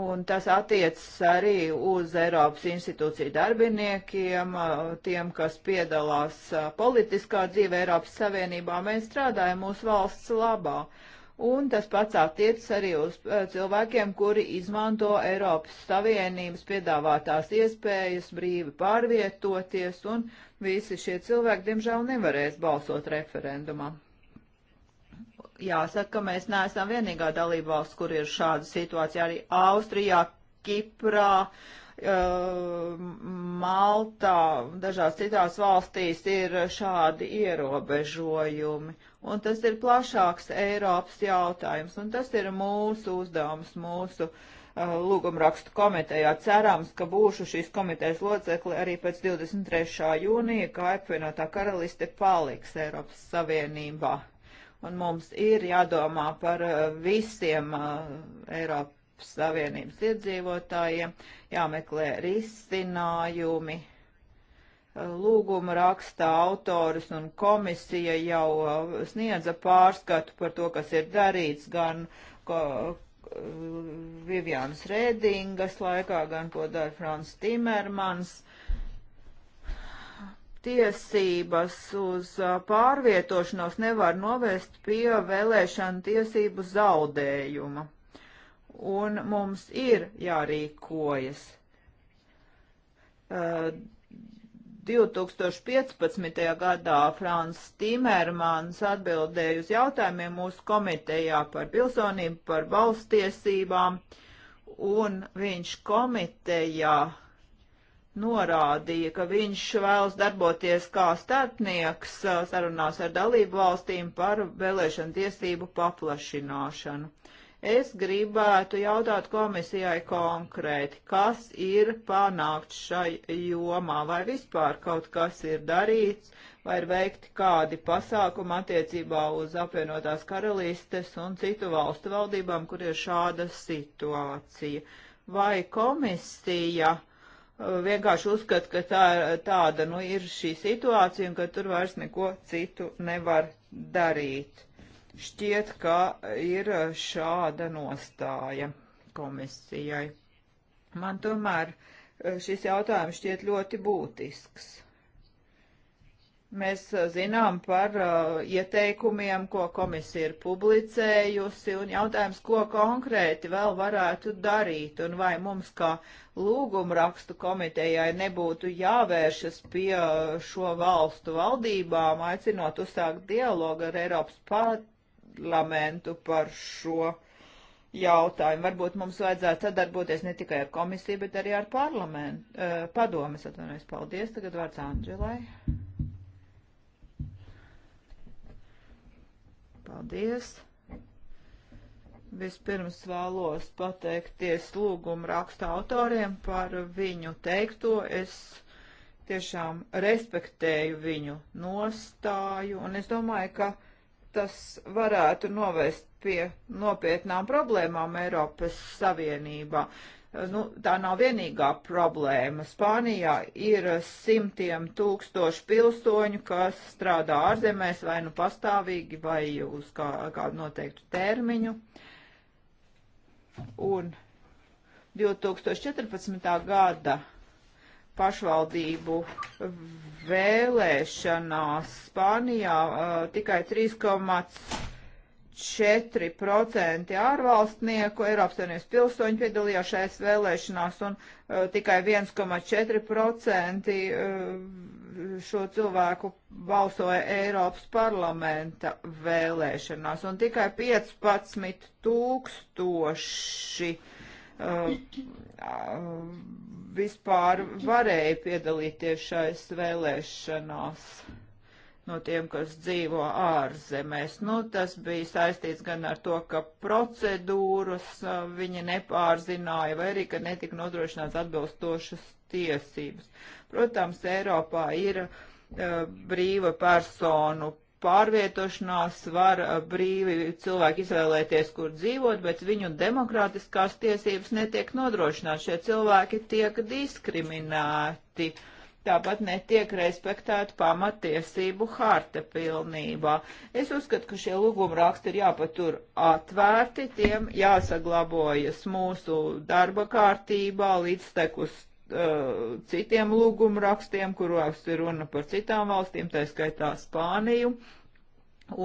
Un tas attiecas arī uz Eiropas institūciju darbiniekiem, tiem, kas piedalās politiskā dzīve Eiropas Savienībā. Mēs strādājam mūsu valsts labā. Un tas pats attiecas arī uz cilvēkiem, kuri izmanto Eiropas Savienības piedāvātās iespējas brīvi pārvietoties, un visi šie cilvēki, diemžēl, nevarēs balsot referendumā jāsaka, mēs neesam vienīgā dalība valsts, kur ir šāda situācija. Arī Austrijā, Kiprā, uh, Maltā, dažās citās valstīs ir šādi ierobežojumi. Un tas ir plašāks Eiropas jautājums, un tas ir mūsu uzdevums, mūsu uh, lūgumrakstu komitejā. Cerams, ka būšu šīs komitejas locekli arī pēc 23. jūnija, kā apvienotā karaliste paliks Eiropas Savienībā un mums ir jādomā par uh, visiem uh, Eiropas Savienības iedzīvotājiem, jāmeklē risinājumi. Uh, lūguma rakstā autors un komisija jau sniedza pārskatu par to, kas ir darīts gan Vivianas Rēdingas laikā, gan ko dara Frans Timermans. Uh, tiesības uz pārvietošanos nevar novest pie vēlēšana tiesību zaudējuma. Un mums ir jārīkojas. 2015. gadā Frans Timermans atbildēja uz jautājumiem mūsu komitejā par pilsonību, par valstiesībām, un viņš komitejā uh, norādīja, ka viņš vēlas darboties kā starpnieks uh, sarunās ar dalību valstīm par vēlēšanu tiesību paplašināšanu. Es gribētu jautāt komisijai konkrēti, kas ir panākts šai jomā, vai vispār kaut kas ir darīts, vai ir veikti kādi pasākumi attiecībā uz apvienotās karalistes un citu valstu valdībām, kur ir šāda situācija. Vai komisija uh, vienkārši uzskata, ka tā, tāda nu, ir šī situācija un ka tur vairs neko citu nevar darīt. Šķiet, ka ir šāda nostāja komisijai. Man tomēr eh, šis jautājums šķiet ļoti būtisks. Mēs zinām par uh, ieteikumiem, ko komisija ir publicējusi, un jautājums, ko konkrēti vēl varētu darīt, un vai mums kā lūgumrakstu komitejai nebūtu jāvēršas pie šo valstu valdībām, aicinot uzsākt dialogu ar Eiropas parlamentu par šo jautājumu. Varbūt mums vajadzētu sadarboties ne tikai ar komisiju, bet arī ar parlamentu, uh, padomes, atvainojos, paldies, tagad vārds Andželai. Paldies! Vispirms vēlos pateikties lūguma raksta autoriem par viņu teikto. Es tiešām respektēju viņu nostāju, un es domāju, ka tas varētu novest pie nopietnām problēmām Eiropas Savienībā nu, tā nav vienīgā problēma. Spānijā ir simtiem tūkstoši pilsoņu, kas strādā ārzemēs vai nu pastāvīgi vai uz kā, kādu noteiktu termiņu. Un 2014. gada pašvaldību vēlēšanās Spānijā uh, tikai 3,5 4% ārvalstnieku Eiropas Savienības pilsoņu piedalījās šajās vēlēšanās un uh, tikai 1,4% uh, šo cilvēku balsoja Eiropas parlamenta vēlēšanās un tikai 15 tūkstoši uh, vispār varēja piedalīties šais vēlēšanās no tiem, kas dzīvo ārzemēs. Nu, tas bija saistīts gan ar to, ka procedūras viņi nepārzināja, vai arī, ka netika nodrošināts atbilstošas tiesības. Protams, Eiropā ir uh, brīva personu pārvietošanās, var uh, brīvi cilvēki izvēlēties, kur dzīvot, bet viņu demokrātiskās tiesības netiek nodrošināts. Šie cilvēki tiek diskriminēti. Uh, Tāpat netiek respektēta pamatiesību harta pilnībā. Es uzskatu, ka šie lūguma raksti ir jāpatur atvērti, tiem jāsaglabojas mūsu darba kārtībā līdztekus uh, citiem lūguma rakstiem, kuros ir runa par citām valstīm, tā skaitā Spāniju.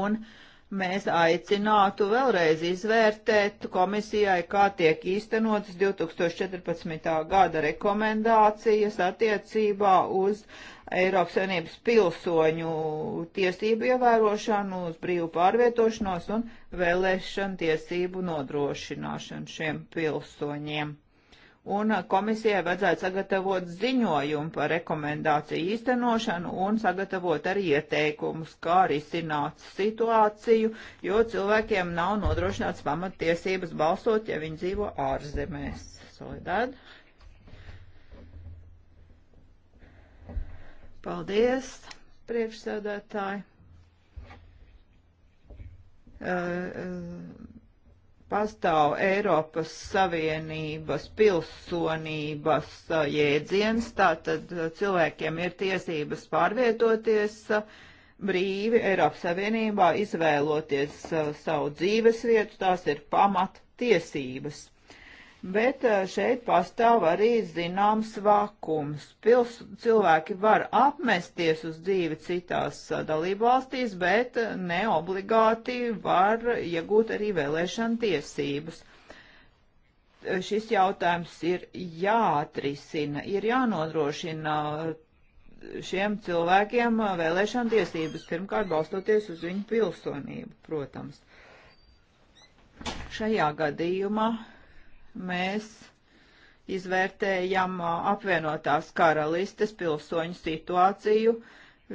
Un uh, mēs aicinātu vēlreiz izvērtēt komisijai, kā tiek īstenotas 2014. gada rekomendācijas attiecībā uz Eiropas Savienības pilsoņu tiesību ievērošanu, uz brīvu pārvietošanos un vēlēšanu tiesību nodrošināšanu šiem pilsoņiem un komisijai vajadzētu sagatavot ziņojumu par rekomendāciju īstenošanu un sagatavot arī ieteikumus, kā risināt situāciju, jo cilvēkiem nav nodrošināts pamattiesības balsot, ja viņi dzīvo ārzemēs. Solidad. Paldies, priekšsēdētāji. Uh, uh, pastāv Eiropas Savienības pilsonības uh, jēdziens, tātad uh, cilvēkiem ir tiesības pārvietoties uh, brīvi Eiropas Savienībā, izvēloties savu dzīves vietu, tās ir pamat tiesības. Bet eh, šeit pastāv arī zināms vakums. Pils, cilvēki var apmesties uz dzīvi citās eh, dalībvalstīs, bet eh, neobligāti var iegūt arī vēlēšana tiesības. Šis jautājums ir jāatrisina, ir jānodrošina šiem cilvēkiem vēlēšana tiesības, pirmkārt balstoties uz viņu pilsonību, protams. Šajā gadījumā mēs izvērtējam apvienotās karalistes pilsoņu situāciju.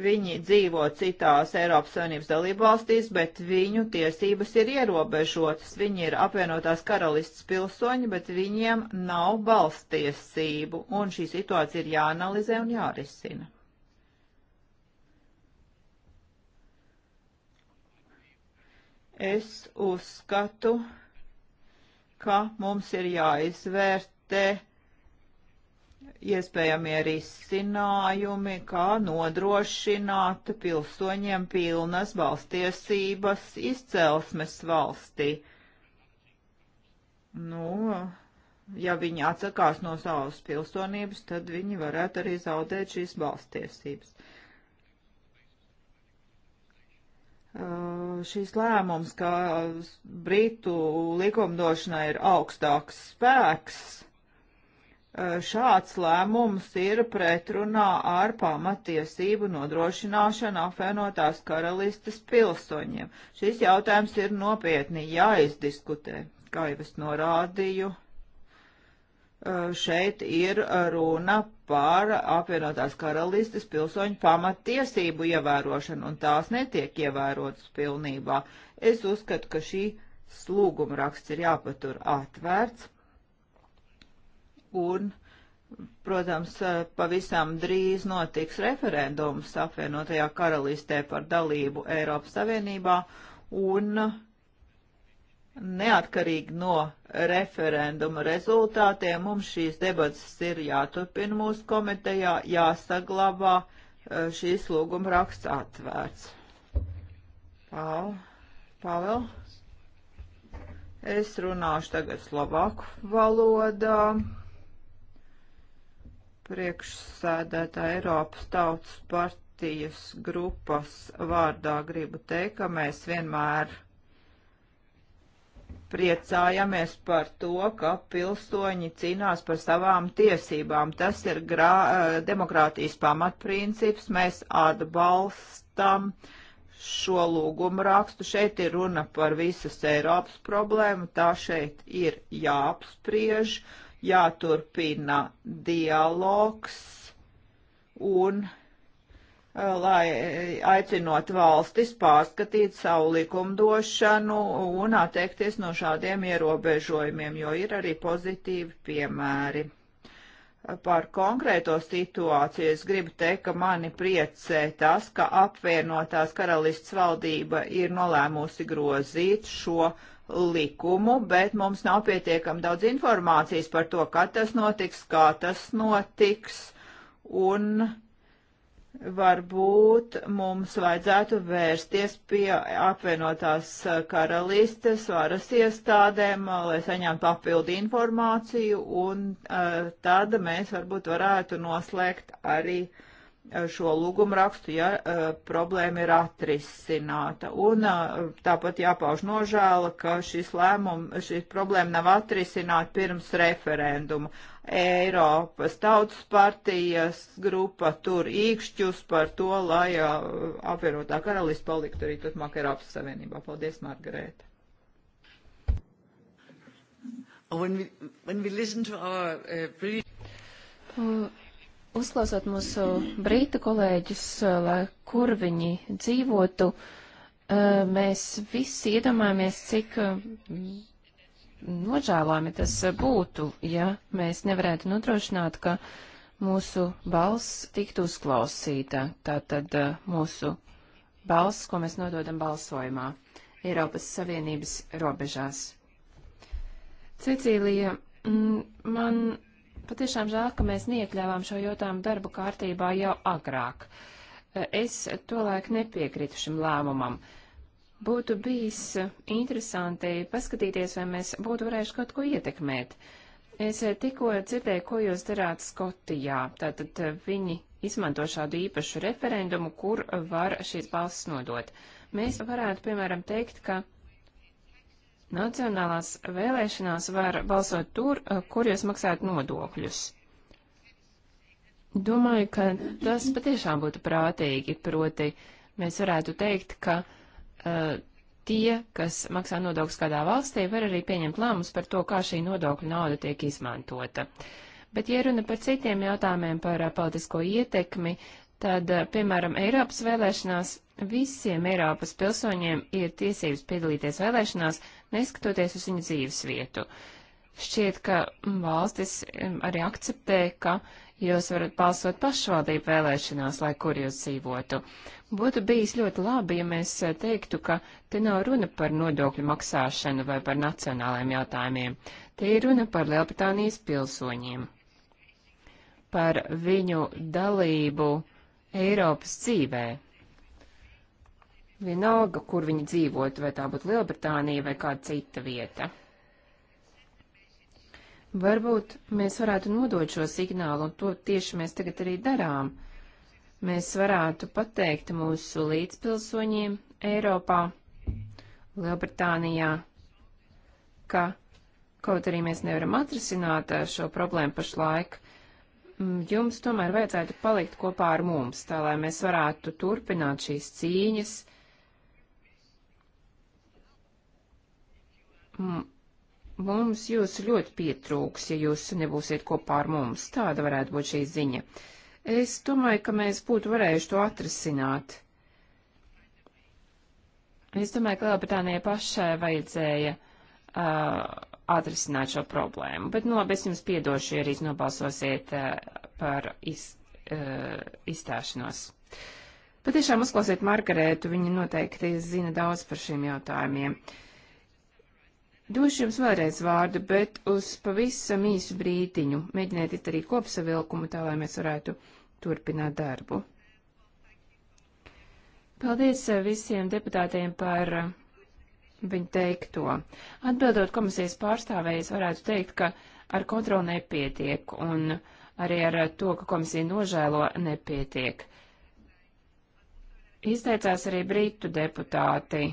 Viņi dzīvo citās Eiropas Savienības dalībvalstīs, bet viņu tiesības ir ierobežotas. Viņi ir apvienotās karalistes pilsoņi, bet viņiem nav balstiesību, un šī situācija ir jāanalizē un jārisina. Es uzskatu, ka mums ir jāizvērtē iespējamie risinājumi, kā nodrošināt pilsoņiem pilnas balstiesības izcelsmes valstī. Nu, ja viņi atsakās no savas pilsonības, tad viņi varētu arī zaudēt šīs balstiesības. Uh, šīs lēmums, ka Britu likumdošanai ir augstāks spēks, uh, šāds lēmums ir pretrunā ar pamatiesību nodrošināšanu apvienotās karalistes pilsoņiem. Šis jautājums ir nopietni jāizdiskutē, kā jau es norādīju Eh, šeit ir runa par apvienotās karalistes pilsoņu pamatiesību ievērošanu, un tās netiek ievērotas pilnībā. Es uzskatu, ka šī slūguma raksts ir jāpatur atvērts, un, protams, eh, pavisam drīz notiks referendums apvienotajā karalistē par dalību Eiropas Savienībā, un uh, Neatkarīgi no referenduma rezultātiem mums šīs debatas ir jāturpina mūsu komitejā, jāsaglabā e, šīs lūguma raksts atvērts. Pāv, Pāvēl, es runāšu tagad slovāku valodā. Priekšsēdētā Eiropas tautas partijas grupas vārdā gribu teikt, ka mēs vienmēr priecājamies par to, ka pilsoņi cīnās par savām tiesībām. Tas ir grā, eh, demokrātijas pamatprincips. Mēs atbalstam šo lūgumu rakstu. Šeit ir runa par visas Eiropas problēmu. Tā šeit ir jāapspriež, jāturpina dialogs un lai eh, aicinot valstis pārskatīt savu likumdošanu un atteikties no šādiem ierobežojumiem, jo ir arī pozitīvi piemēri. Par konkrēto situāciju es gribu teikt, ka mani priecē tas, ka apvienotās karalists valdība ir nolēmusi grozīt šo likumu, bet mums nav pietiekami daudz informācijas par to, kad tas notiks, kā tas notiks, un uh, varbūt mums vajadzētu vērsties pie apvienotās eh, karalistes varas iestādēm, eh, lai saņemtu papildu informāciju, un uh, tad mēs varbūt varētu noslēgt arī uh, Eh, šo lūgumu rakstu, ja uh, problēma ir atrisināta. Un uh, tāpat jāpauž nožēla, ka šis lēmum, šī problēma nav atrisināta pirms referenduma. Eiropas tautas partijas grupa tur īkšķus par to, lai uh, apvienotā karalista paliktu arī turpmāk Eiropas Savienībā. Paldies, Margarēta. When we, when we listen to our uh, British... Uh, Uzklausot mūsu brītu kolēģus, eh, lai kur viņi dzīvotu, eh, mēs visi iedomājamies, cik eh, nožēlojami tas būtu, ja mēs nevarētu nodrošināt, ka mūsu balss tiktu uzklausīta. Tātad mūsu balss, ko mēs nododam balsojumā Eiropas Savienības robežās. Cecīlija, mm, man Patiešām žēl, ka mēs neiekļāvām šo jautājumu darbu kārtībā jau agrāk. Es tolaik nepiekrītu šim lēmumam. Būtu bijis interesanti paskatīties, vai mēs būtu varējuši kaut ko ietekmēt. Es tikko dzirdēju, ko jūs darāt Skotijā. Tātad viņi izmanto šādu īpašu referendumu, kur var šīs balsis nodot. Mēs varētu, piemēram, teikt, ka Nacionālās vēlēšanās var balsot tur, eh, kur jūs maksājat nodokļus. Domāju, ka tas patiešām būtu prātīgi, proti mēs varētu teikt, ka uh, tie, kas maksā nodokļus kādā valstī, var arī pieņemt lēmumus par to, kā šī nodokļa nauda tiek izmantota. Bet, ja runa par citiem jautājumiem par uh, politisko ietekmi, tad, piemēram, Eiropas vēlēšanās visiem Eiropas pilsoņiem ir tiesības piedalīties vēlēšanās, neskatoties uz viņa dzīves vietu. Šķiet, ka mm, valstis mm, arī akceptē, ka jūs varat balsot pašvaldību vēlēšanās, lai kur jūs dzīvotu. Būtu bijis ļoti labi, ja mēs eh, teiktu, ka te nav runa par nodokļu maksāšanu vai par nacionālajiem jautājumiem. Te ir runa par Lielbritānijas pilsoņiem, par viņu dalību Eiropas dzīvē. Vienalga, kur viņi dzīvot, vai tā būtu Lielbritānija vai kāda cita vieta. Varbūt mēs varētu nodot šo signālu, un to tieši mēs tagad arī darām. Mēs varētu pateikt mūsu līdzpilsoņiem Eiropā, Lielbritānijā, ka, kaut arī mēs nevaram atrisināt eh, šo problēmu pašlaik, jums tomēr vajadzētu palikt kopā ar mums, tā lai mēs varētu turpināt šīs cīņas, mums jūs ļoti pietrūks, ja jūs nebūsiet kopā ar mums. Tāda varētu būt šī ziņa. Es domāju, ka mēs būtu varējuši to atrasināt. Es domāju, ka Lielbritānijai pašai vajadzēja uh, atrisināt šo problēmu. Bet, nu, labi, es jums piedošu, ja arī nobalsosiet uh, par iz, uh, izstāšanos. Patiešām uzklausiet Margarētu, viņa noteikti zina daudz par šiem jautājumiem. Uh, Došu jums vēlreiz vārdu, bet uz pavisam īsu brītiņu. Mēģiniet it arī kopsavilkumu, tā lai mēs varētu turpināt darbu. Paldies eh, visiem deputātiem par eh, viņu teikto. Atbildot komisijas pārstāvējas, varētu teikt, ka ar kontroli nepietiek un arī ar eh, to, ka komisija nožēlo, nepietiek. Izteicās arī britu deputāti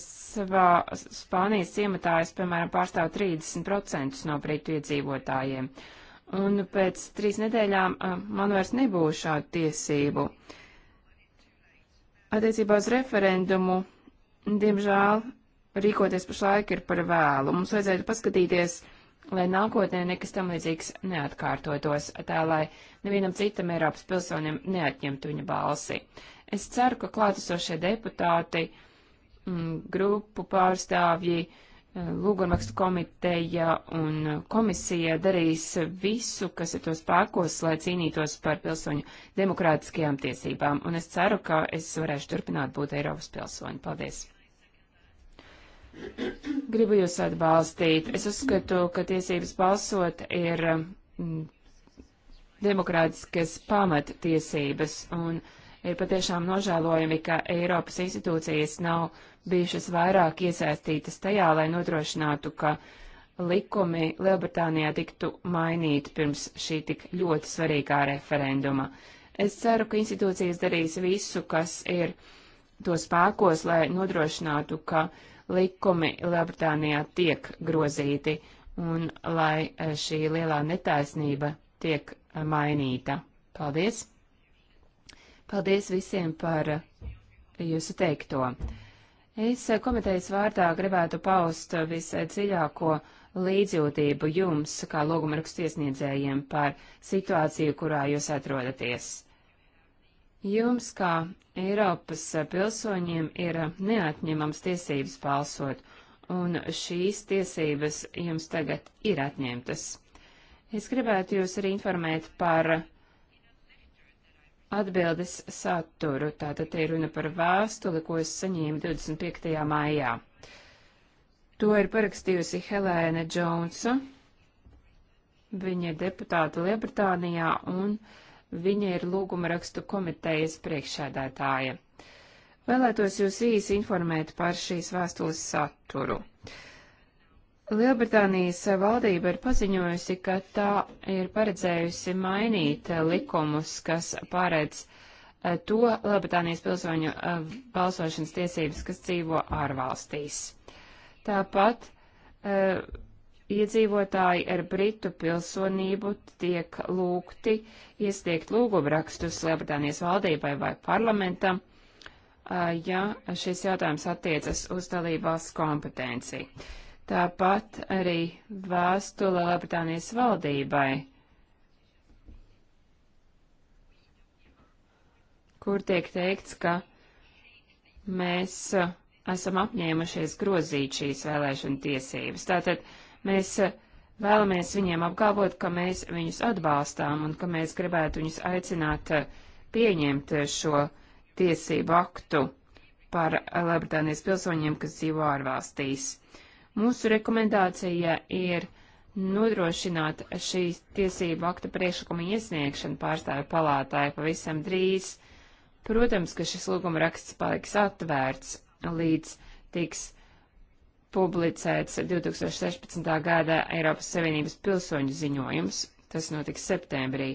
Svā, Spānijas ciematā es, piemēram, pārstāvu 30% no brītu iedzīvotājiem. Un pēc trīs nedēļām man vairs nebūs šādu tiesību. Attiecībā uz referendumu, diemžēl, rīkoties pašlaik ir par vēlu. Mums vajadzētu paskatīties, lai nākotnē nekas tam līdzīgs neatkārtotos, tā lai nevienam citam Eiropas pilsonim neatņemtu viņa balsi. Es ceru, ka klātesošie deputāti uh, Mm, grupu pārstāvji, eh, lūgumrakstu komiteja un komisija darīs visu, kas ir to spēkos, lai cīnītos par pilsoņu demokrātiskajām tiesībām. Un es ceru, ka es varēšu turpināt būt Eiropas pilsoņi. Paldies! Gribu jūs atbalstīt. Es uzskatu, ka tiesības balsot ir mm, demokrātiskas pamattiesības. Un, uh, Ir patiešām nožēlojami, ka Eiropas institūcijas nav bijušas vairāk iesaistītas tajā, lai nodrošinātu, ka likumi Lielbritānijā tiktu mainīti pirms šī tik ļoti svarīgā referenduma. Es ceru, ka institūcijas darīs visu, kas ir to spēkos, lai nodrošinātu, ka likumi Lielbritānijā tiek grozīti un lai eh, šī lielā netaisnība tiek eh, mainīta. Paldies! Paldies visiem par jūsu teikto. Es komitejas vārdā gribētu paust visdziļāko līdzjūtību jums, kā logumrakstu iesniedzējiem, par situāciju, kurā jūs atrodaties. Jums, kā Eiropas pilsoņiem, ir neatņemams tiesības balsot, un šīs tiesības jums tagad ir atņemtas. Es gribētu jūs arī informēt par atbildes saturu. Tātad te ir runa par vēstuli, ko es saņēmu 25. maijā. To ir parakstījusi Helēna Džonsa. Viņa ir deputāta Lielbritānijā un viņa ir lūguma rakstu komitejas priekšsēdētāja. Vēlētos jūs īsi informēt par šīs vēstules saturu. Uh, Lielbritānijas valdība ir paziņojusi, ka tā ir paredzējusi mainīt likumus, kas paredz eh, to Lielbritānijas pilsoņu eh, balsošanas tiesības, kas dzīvo ārvalstīs. Tāpat uh, iedzīvotāji ar britu pilsonību tiek lūgti iesniegt lūgubrakstus Lielbritānijas valdībai vai parlamentam, uh, ja šis jautājums attiecas uz dalībās kompetenciju tāpat arī vēstule Lielbritānijas valdībai, kur tiek teikts, ka mēs uh, esam apņēmušies grozīt šīs vēlēšana tiesības. Tātad mēs uh, vēlamies viņiem apgalvot, ka mēs viņus atbalstām un ka mēs gribētu viņus aicināt uh, pieņemt šo tiesību aktu par Lielbritānijas pilsoņiem, kas dzīvo ārvalstīs. Uh, Mūsu rekomendācija ir nodrošināt šīs tiesību akta priekšlikuma iesniegšanu pārstāvju palātāju pavisam drīz. Protams, ka šis lūguma raksts paliks atvērts līdz tiks publicēts 2016. gada Eiropas Savienības pilsoņu ziņojums. Tas notiks septembrī.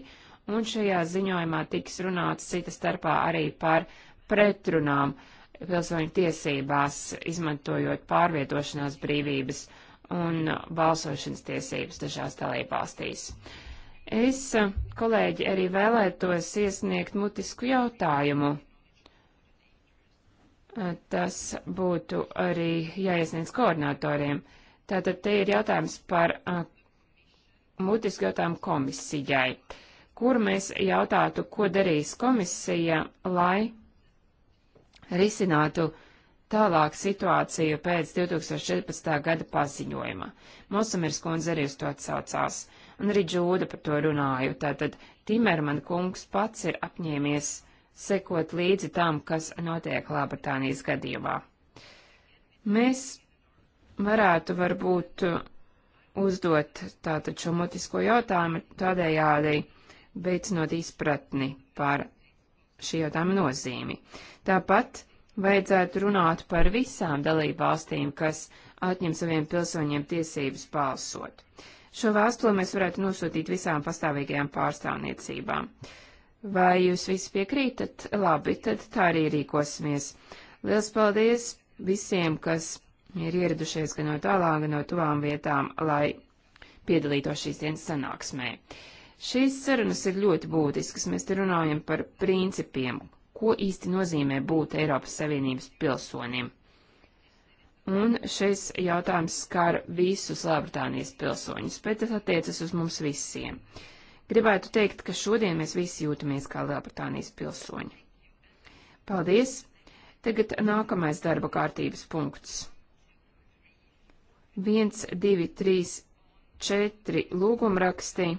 Un šajā ziņojumā tiks runāts cita starpā arī par pretrunām uh, pilsoņu tiesībās, izmantojot pārvietošanās brīvības un balsošanas tiesības dažās dalībvalstīs. Es, kolēģi, arī vēlētos iesniegt mutisku jautājumu. Tas būtu arī jāiesniedz koordinatoriem. Tātad te ir jautājums par mutisku jautājumu komisijai, kur mēs jautātu, ko darīs komisija, lai risinātu tālāk situāciju pēc 2014. gada paziņojuma. Mosamirs kundze arī uz to atsaucās, un arī Džūda par to runāju. Tātad Timerman kungs pats ir apņēmies sekot līdzi tam, kas notiek Lābritānijas gadījumā. Mēs varētu varbūt uzdot tātad šo mutisko jautājumu tādējādi veicinot izpratni par šī jautājuma nozīmi. Tāpat vajadzētu runāt par visām dalībvalstīm, kas atņem saviem pilsoņiem tiesības balsot. Šo vēstuli mēs varētu nosūtīt visām pastāvīgajām pārstāvniecībām. Vai jūs visi piekrītat? Labi, tad tā arī rīkosimies. Liels paldies visiem, kas ir ieradušies gan no tālāk, gan no tuvām vietām, lai piedalītos šīs dienas sanāksmē. Šīs sarunas ir ļoti būtiskas. Mēs te runājam par principiem, ko īsti nozīmē būt Eiropas Savienības pilsonim. Un šis jautājums skar visus Lielbritānijas pilsoņus, bet tas attiecas uz mums visiem. Gribētu teikt, ka šodien mēs visi jūtamies kā Lielbritānijas pilsoņi. Paldies! Tagad nākamais darba kārtības punkts. 1, 2, 3, 4 lūgumraksti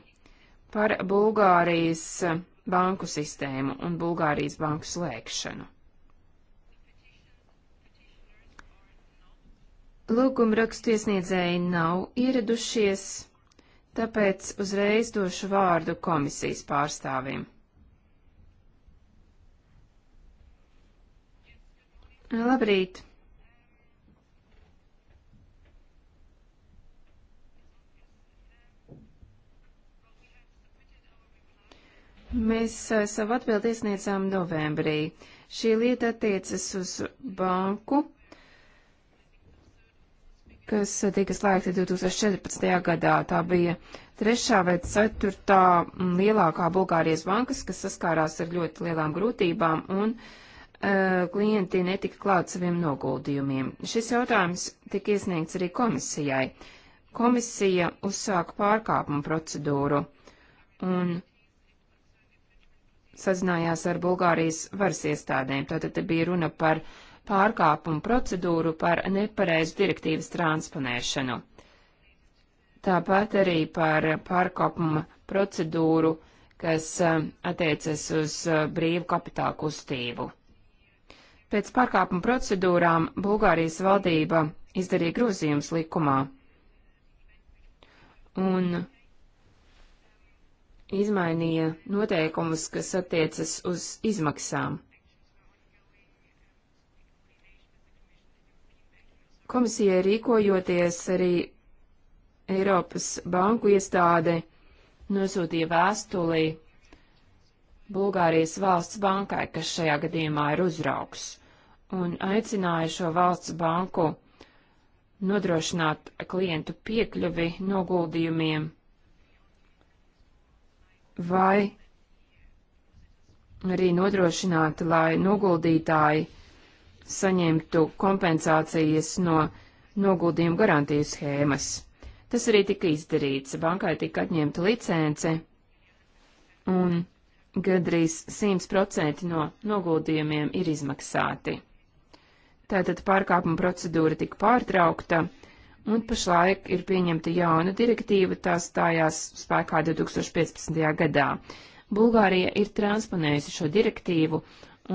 par Bulgārijas banku sistēmu un Bulgārijas banku slēgšanu. Lūguma rakstiesniedzēji nav ieradušies, tāpēc uzreiz došu vārdu komisijas pārstāvim. Labrīt! Mēs eh, savu atbildi iesniedzām novembrī. Šī lieta attiecas uz banku, kas eh, tika slēgta 2014. gadā. Tā bija trešā vai ceturtā mm, lielākā Bulgārijas bankas, kas saskārās ar ļoti lielām grūtībām un uh, klienti netika klāt saviem noguldījumiem. Šis jautājums tika iesniegts arī komisijai. Komisija uzsāka pārkāpumu procedūru un sazinājās ar Bulgārijas varas iestādēm. Tātad te bija runa par pārkāpumu procedūru par nepareizu direktīvas transponēšanu. Tāpat arī par pārkāpumu procedūru, kas um, attiecas uz uh, brīvu kapitāla kustību. Pēc pārkāpuma procedūrām Bulgārijas valdība izdarīja grozījums likumā. Un izmainīja noteikumus, kas attiecas uz izmaksām. Komisijai rīkojoties arī Eiropas banku iestāde nosūtīja vēstulī Bulgārijas valsts bankai, kas šajā gadījumā ir uzraugs, un aicināja šo valsts banku nodrošināt klientu piekļuvi noguldījumiem vai arī nodrošināt, lai noguldītāji saņemtu kompensācijas no noguldījumu garantiju schēmas. Tas arī tika izdarīts. Bankai tika atņemta licence un gadrīz 100% no noguldījumiem ir izmaksāti. Tātad pārkāpuma procedūra tika pārtraukta un pašlaik ir pieņemta jauna direktīva, tā stājās spēkā 2015. gadā. Bulgārija ir transponējusi šo direktīvu,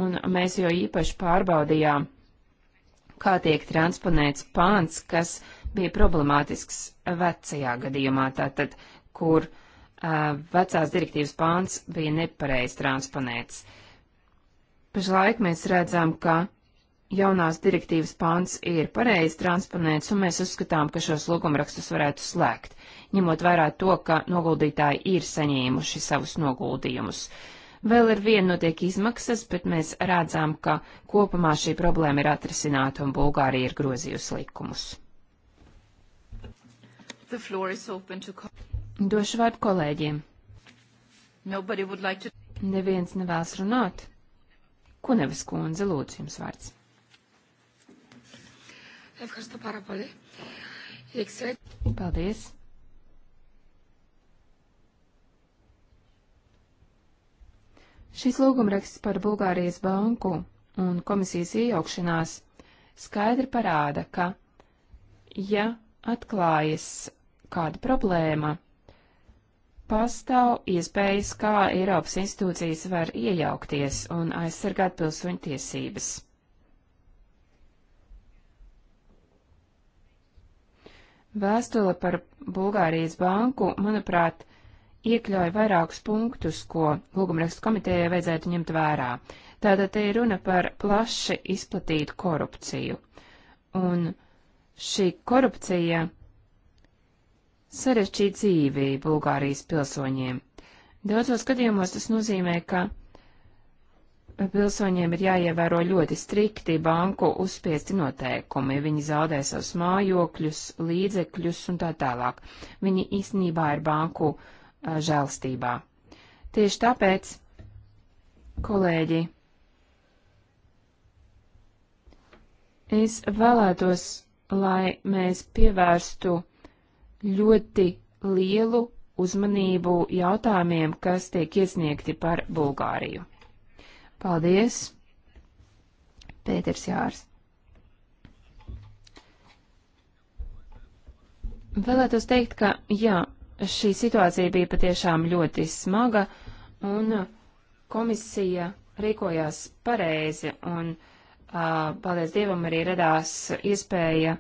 un mēs jau īpaši pārbaudījām, kā tiek transponēts pāns, kas bija problemātisks vecajā gadījumā, tātad, kur uh, vecās direktīvas pāns bija nepareiz transponēts. Pašlaik mēs redzam, ka jaunās direktīvas pāns ir pareizi transponēts, un mēs uzskatām, ka šos lūgumrakstus varētu slēgt, ņemot vērā to, ka noguldītāji ir saņēmuši savus noguldījumus. Vēl ar vienu notiek izmaksas, bet mēs redzam, ka kopumā šī problēma ir atrisināta un Bulgārija ir grozījusi likumus. To... Došu vārdu kolēģiem. Like to... Neviens nevēlas runāt. Kunevas kundze, lūdzu jums vārds. Ευχαριστώ πάρα πολύ. Paldies! Šis lūgumraksts par Bulgārijas banku un komisijas iejaukšanās skaidri parāda, ka, ja atklājas kāda problēma, pastāv iespējas, kā Eiropas institūcijas var iejaukties un aizsargāt pilsoņu tiesības. Vēstule par Bulgārijas banku, manuprāt, iekļauj vairākus punktus, ko lūgumrakstu komitejai vajadzētu ņemt vērā. Tātad te ir runa par plaši izplatītu korupciju. Un šī korupcija sarežģīja dzīvi Bulgārijas pilsoņiem. Daudzos gadījumos tas nozīmē, ka pilsoņiem ir jāievēro ļoti strikti banku uzspiesti noteikumi. Viņi zaudē savus mājokļus, līdzekļus un tā tālāk. Viņi īstenībā ir banku žēlstībā. Tieši tāpēc, kolēģi, es vēlētos, lai mēs pievērstu ļoti lielu uzmanību jautājumiem, kas tiek iesniegti par Bulgāriju. Paldies, Pēters Jārs. Vēlētos teikt, ka jā, šī situācija bija patiešām ļoti smaga, un komisija rīkojās pareizi, un, uh, paldies Dievam, arī radās iespēja uh,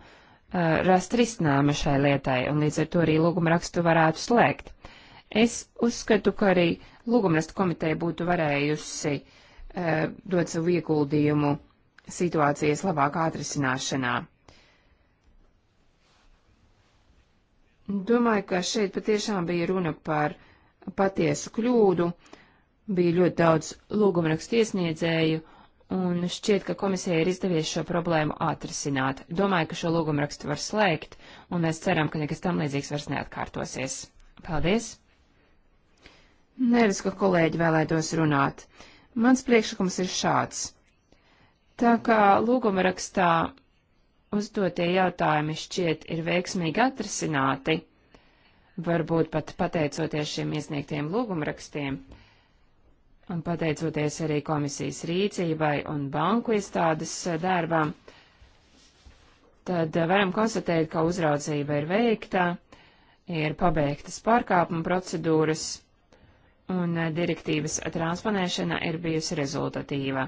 rast risinājumu šai lietai, un līdz ar to arī lūgumrakstu varētu slēgt. Es uzskatu, ka arī lūgumrakstu komiteja būtu varējusi uh, Eh, dot savu ieguldījumu situācijas labākā atrisināšanā. Domāju, ka šeit patiešām bija runa par patiesu kļūdu, bija ļoti daudz lūgumrakstu iesniedzēju, un šķiet, ka komisija ir izdevies šo problēmu atrisināt. Domāju, ka šo lūgumrakstu var slēgt, un mēs ceram, ka nekas tam līdzīgs vairs neatkārtosies. Paldies! Neris, ka kolēģi vēlētos runāt. Mans priekšlikums ir šāds. Tā kā lūguma rakstā uzdotie jautājumi šķiet ir veiksmīgi atrasināti, varbūt pat pateicoties šiem iesniegtiem lūgumrakstiem, un pateicoties arī komisijas rīcībai un banku iestādes darbām, tad varam konstatēt, ka uzraudzība ir veikta, ir pabeigtas pārkāpuma procedūras, un eh, direktīvas transponēšana ir bijusi rezultatīva.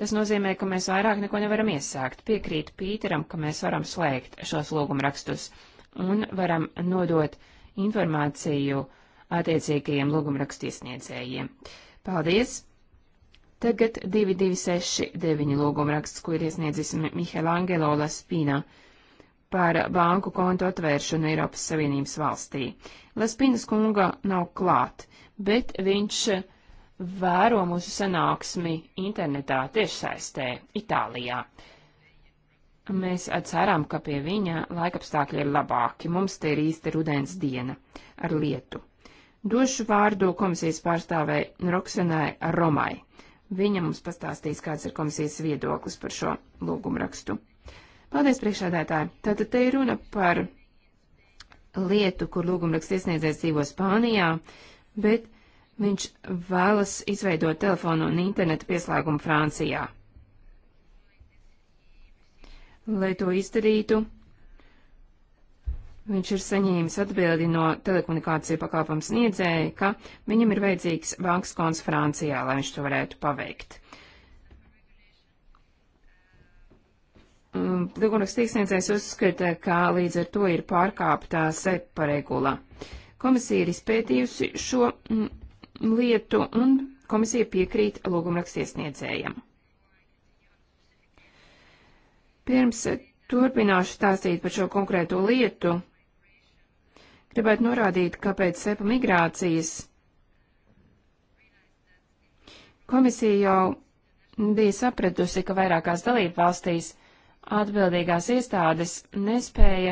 Tas nozīmē, ka mēs vairāk neko nevaram iesākt. Piekrīt Pīteram, ka mēs varam slēgt šos lūgumrakstus un varam nodot informāciju attiecīgajiem lūgumrakstiesniedzējiem. Paldies! Tagad 2269 lūgumraksts, ko ir iesniedzis Mihela Angelola Spīna par banku kontu atvēršanu Eiropas Savienības valstī. Laspinas kunga nav klāt, bet viņš vēro mūsu sanāksmi internetā tiešsaistē Itālijā. Mēs ceram, ka pie viņa laikapstākļi ir labāki. Mums te ir īsti rudens diena ar lietu. Došu vārdu komisijas pārstāvei Roksenai Romai. Viņa mums pastāstīs, kāds ir komisijas viedoklis par šo lūgumrakstu. Paldies, priekšādētāji. Tātad te ir runa par lietu, kur lūgumraksts iesniedzējs dzīvo Spānijā, bet viņš vēlas izveidot telefonu un internetu pieslēgumu Francijā. Lai to izdarītu, Viņš ir saņēmis atbildi no telekomunikāciju pakāpam sniedzēja, ka viņam ir vajadzīgs bankas konts Francijā, lai viņš to varētu paveikt. Dugunas mm, tiesniecējs uzskata, ka līdz ar to ir pārkāptā sepa regula. Komisija ir izpētījusi šo mm, lietu un komisija piekrīt lūgumrakstiesniedzējam. Pirms turpināšu stāstīt par šo konkrēto lietu, gribētu norādīt, kāpēc sepa migrācijas komisija jau bija sapratusi, ka vairākās dalību valstīs – atbildīgās iestādes nespēja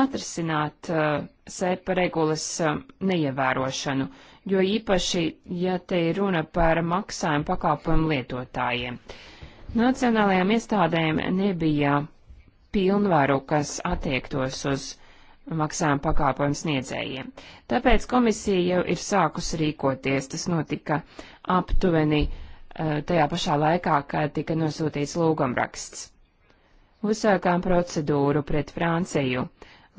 atrisināt uh, sepa regulas uh, neievērošanu, jo īpaši, ja te ir runa par maksājumu pakāpojumu lietotājiem. Nacionālajām iestādēm nebija pilnvaru, kas attiektos uz maksājumu pakāpojumu sniedzējiem. Tāpēc komisija jau ir sākus rīkoties. Tas notika aptuveni uh, tajā pašā laikā, kad tika nosūtīts lūgumraksts uzsākām procedūru pret Franciju.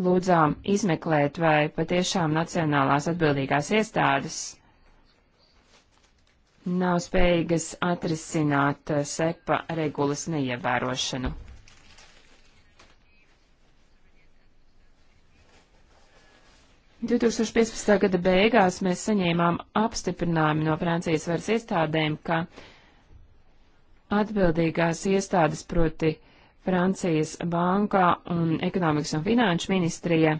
Lūdzām izmeklēt, vai patiešām nacionālās atbildīgās iestādes nav spējīgas atrisināt eh, sepa regulas neievērošanu. Un 2015. gada beigās mēs saņēmām apstiprinājumu no Francijas varas iestādēm, ka atbildīgās iestādes proti uh, Francijas bankā un ekonomikas un finanšu ministrija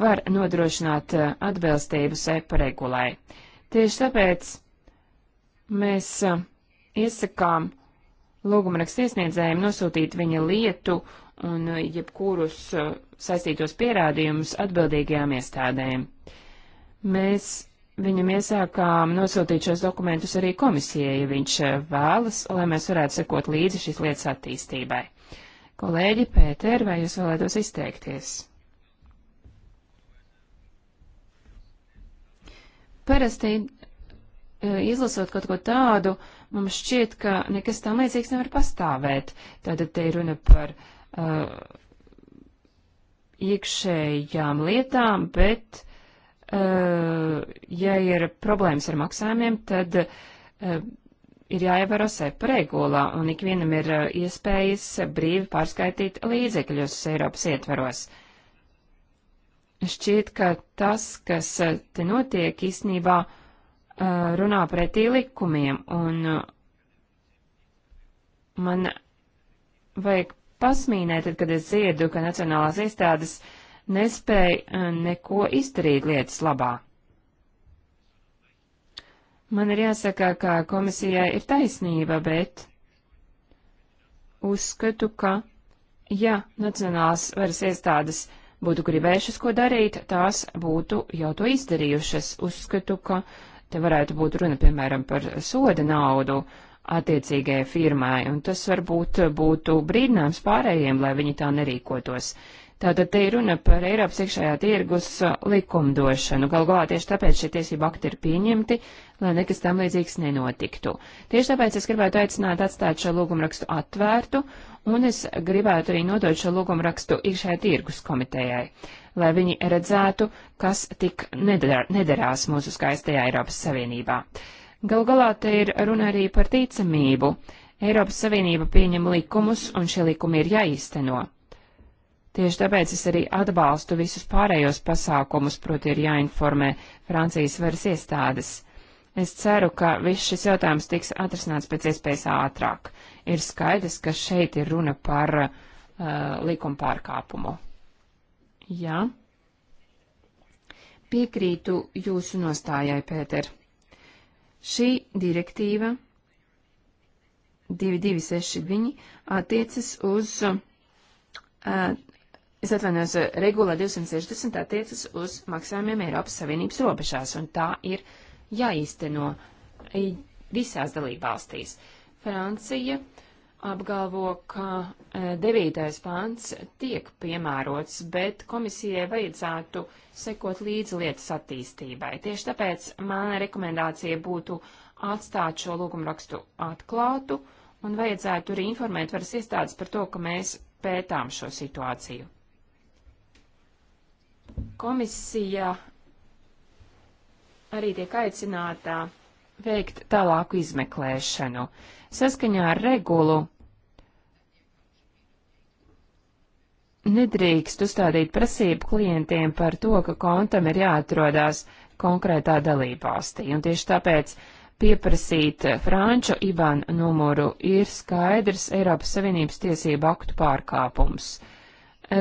var nodrošināt eh, atbilstību sepa regulai. Tieši tāpēc mēs eh, iesakām lūgumraksta iesniedzējiem nosūtīt viņa lietu un eh, jebkurus saistītos pierādījumus atbildīgajām iestādēm. Mēs viņam iesākām nosūtīt šos dokumentus arī komisijai, ja viņš eh, vēlas, lai mēs varētu sekot līdzi šīs lietas attīstībai. Kolēģi, Pēter, vai jūs vēlētos izteikties? Parasti eh, izlasot kaut ko tādu, mums šķiet, ka nekas tam līdzīgs nevar pastāvēt. Tātad te ir runa par uh, iekšējām lietām, bet uh, Eh, ja ir problēmas ar maksājumiem, tad eh, ir jāievēro sepa regulā, un ikvienam ir eh, iespējas brīvi pārskaitīt līdzekļus Eiropas ietveros. Šķiet, ka tas, kas te notiek, īstenībā runā pretī likumiem, un man vajag pasmīnēt, kad es dziedu, ka nacionālās iestādes uh, nespēja uh, neko izdarīt lietas labā. Man ir jāsaka, ka komisijai ir taisnība, bet uzskatu, ka, ja nacionālās varas iestādes būtu gribējušas ko darīt, tās būtu jau to izdarījušas. Uzskatu, ka te varētu būt runa, piemēram, par soda naudu attiecīgajai firmai, un tas varbūt būtu brīdinājums pārējiem, lai viņi tā nerīkotos. Uh, Tātad te ir runa par Eiropas iekšējā tirgus likumdošanu. Galu galā tieši tāpēc šie tiesību akti ir pieņemti, lai nekas tam līdzīgs nenotiktu. Tieši tāpēc es gribētu aicināt atstāt šo lūgumrakstu atvērtu, un es gribētu arī nodot šo lūgumrakstu iekšējā tirgus komitejai, lai viņi redzētu, kas tik nedar nedarās mūsu skaistajā Eiropas Savienībā. Galu galā te ir runa arī par ticamību. Eiropas Savienība pieņem likumus, un šie likumi ir jāīsteno. Tieši tāpēc es arī atbalstu visus pārējos pasākumus, proti ir jāinformē Francijas varas iestādes. Es ceru, ka viss šis jautājums tiks atrasināts pēc iespējas ātrāk. Ir skaidrs, ka šeit ir runa par uh, likuma pārkāpumu. Jā. Piekrītu jūsu nostājai, Pēter. Šī direktīva 2269 attiecas uz uh, es atvainojos, regula 260 attiecas uz maksājumiem Eiropas Savienības robežās, un tā ir jāīsteno visās dalībvalstīs. Francija apgalvo, ka e, devītais pāns tiek piemērots, bet komisijai vajadzētu sekot līdzi lietas attīstībai. Tieši tāpēc mana rekomendācija būtu atstāt šo lūgumrakstu atklātu un vajadzētu arī informēt varas iestādes par to, ka mēs pētām šo situāciju. Komisija arī tiek aicinātā veikt tālāku izmeklēšanu. Saskaņā ar regulu nedrīkst uzstādīt prasību klientiem par to, ka kontam ir jāatrodās konkrētā dalībvalstī, un tieši tāpēc pieprasīt franču IBAN numuru ir skaidrs Eiropas Savienības tiesību aktu pārkāpums. Uh,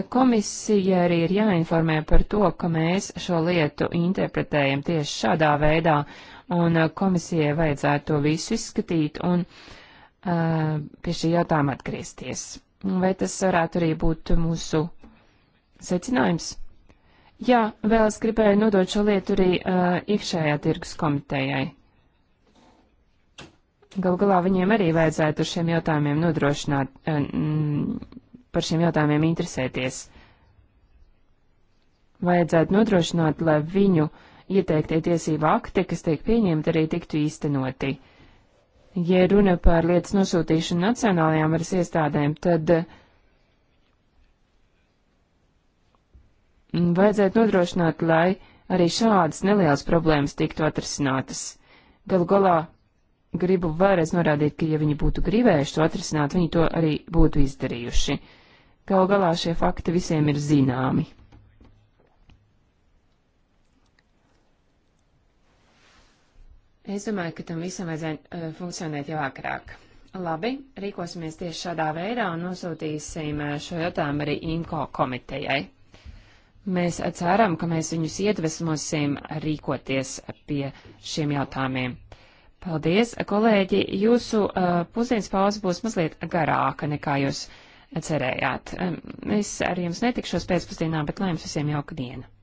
Komisija arī ir jāinformē par to, ka mēs šo lietu interpretējam tieši šādā veidā, un uh, komisijai vajadzētu to visu izskatīt un uh, pie šī jautājuma atgriezties. Vai tas varētu arī būt mūsu secinājums? Jā, vēl es gribēju nodot šo lietu arī uh, iekšējā tirgus komitejai. Gal galā viņiem arī vajadzētu šiem jautājumiem nodrošināt. Uh, mm, par šiem jautājumiem interesēties. Vajadzētu nodrošināt, lai viņu ieteiktie tiesība akti, kas tiek pieņemti, arī tiktu īstenoti. Ja runa par lietas nosūtīšanu nacionālajām varas iestādēm, tad mm, vajadzētu nodrošināt, lai arī šādas nelielas problēmas tiktu atrisinātas. Galu galā gribu vēlreiz norādīt, ka ja viņi būtu gribējuši to atrisināt, viņi to arī būtu izdarījuši. Gal galā šie fakti visiem ir zināmi. Es domāju, ka tam visam vajadzēja uh, funkcionēt jau agrāk. Labi, rīkosimies tieši šādā veidā un nosūtīsim eh, šo jautājumu arī INKO komitejai. Mēs ceram, ka mēs viņus iedvesmosim rīkoties pie šiem jautājumiem. Paldies, kolēģi! Jūsu uh, pusdienas pauze būs mazliet garāka nekā jūs cerējāt. Es ar jums netikšos pēcpusdienā, bet lai jums visiem jauka diena!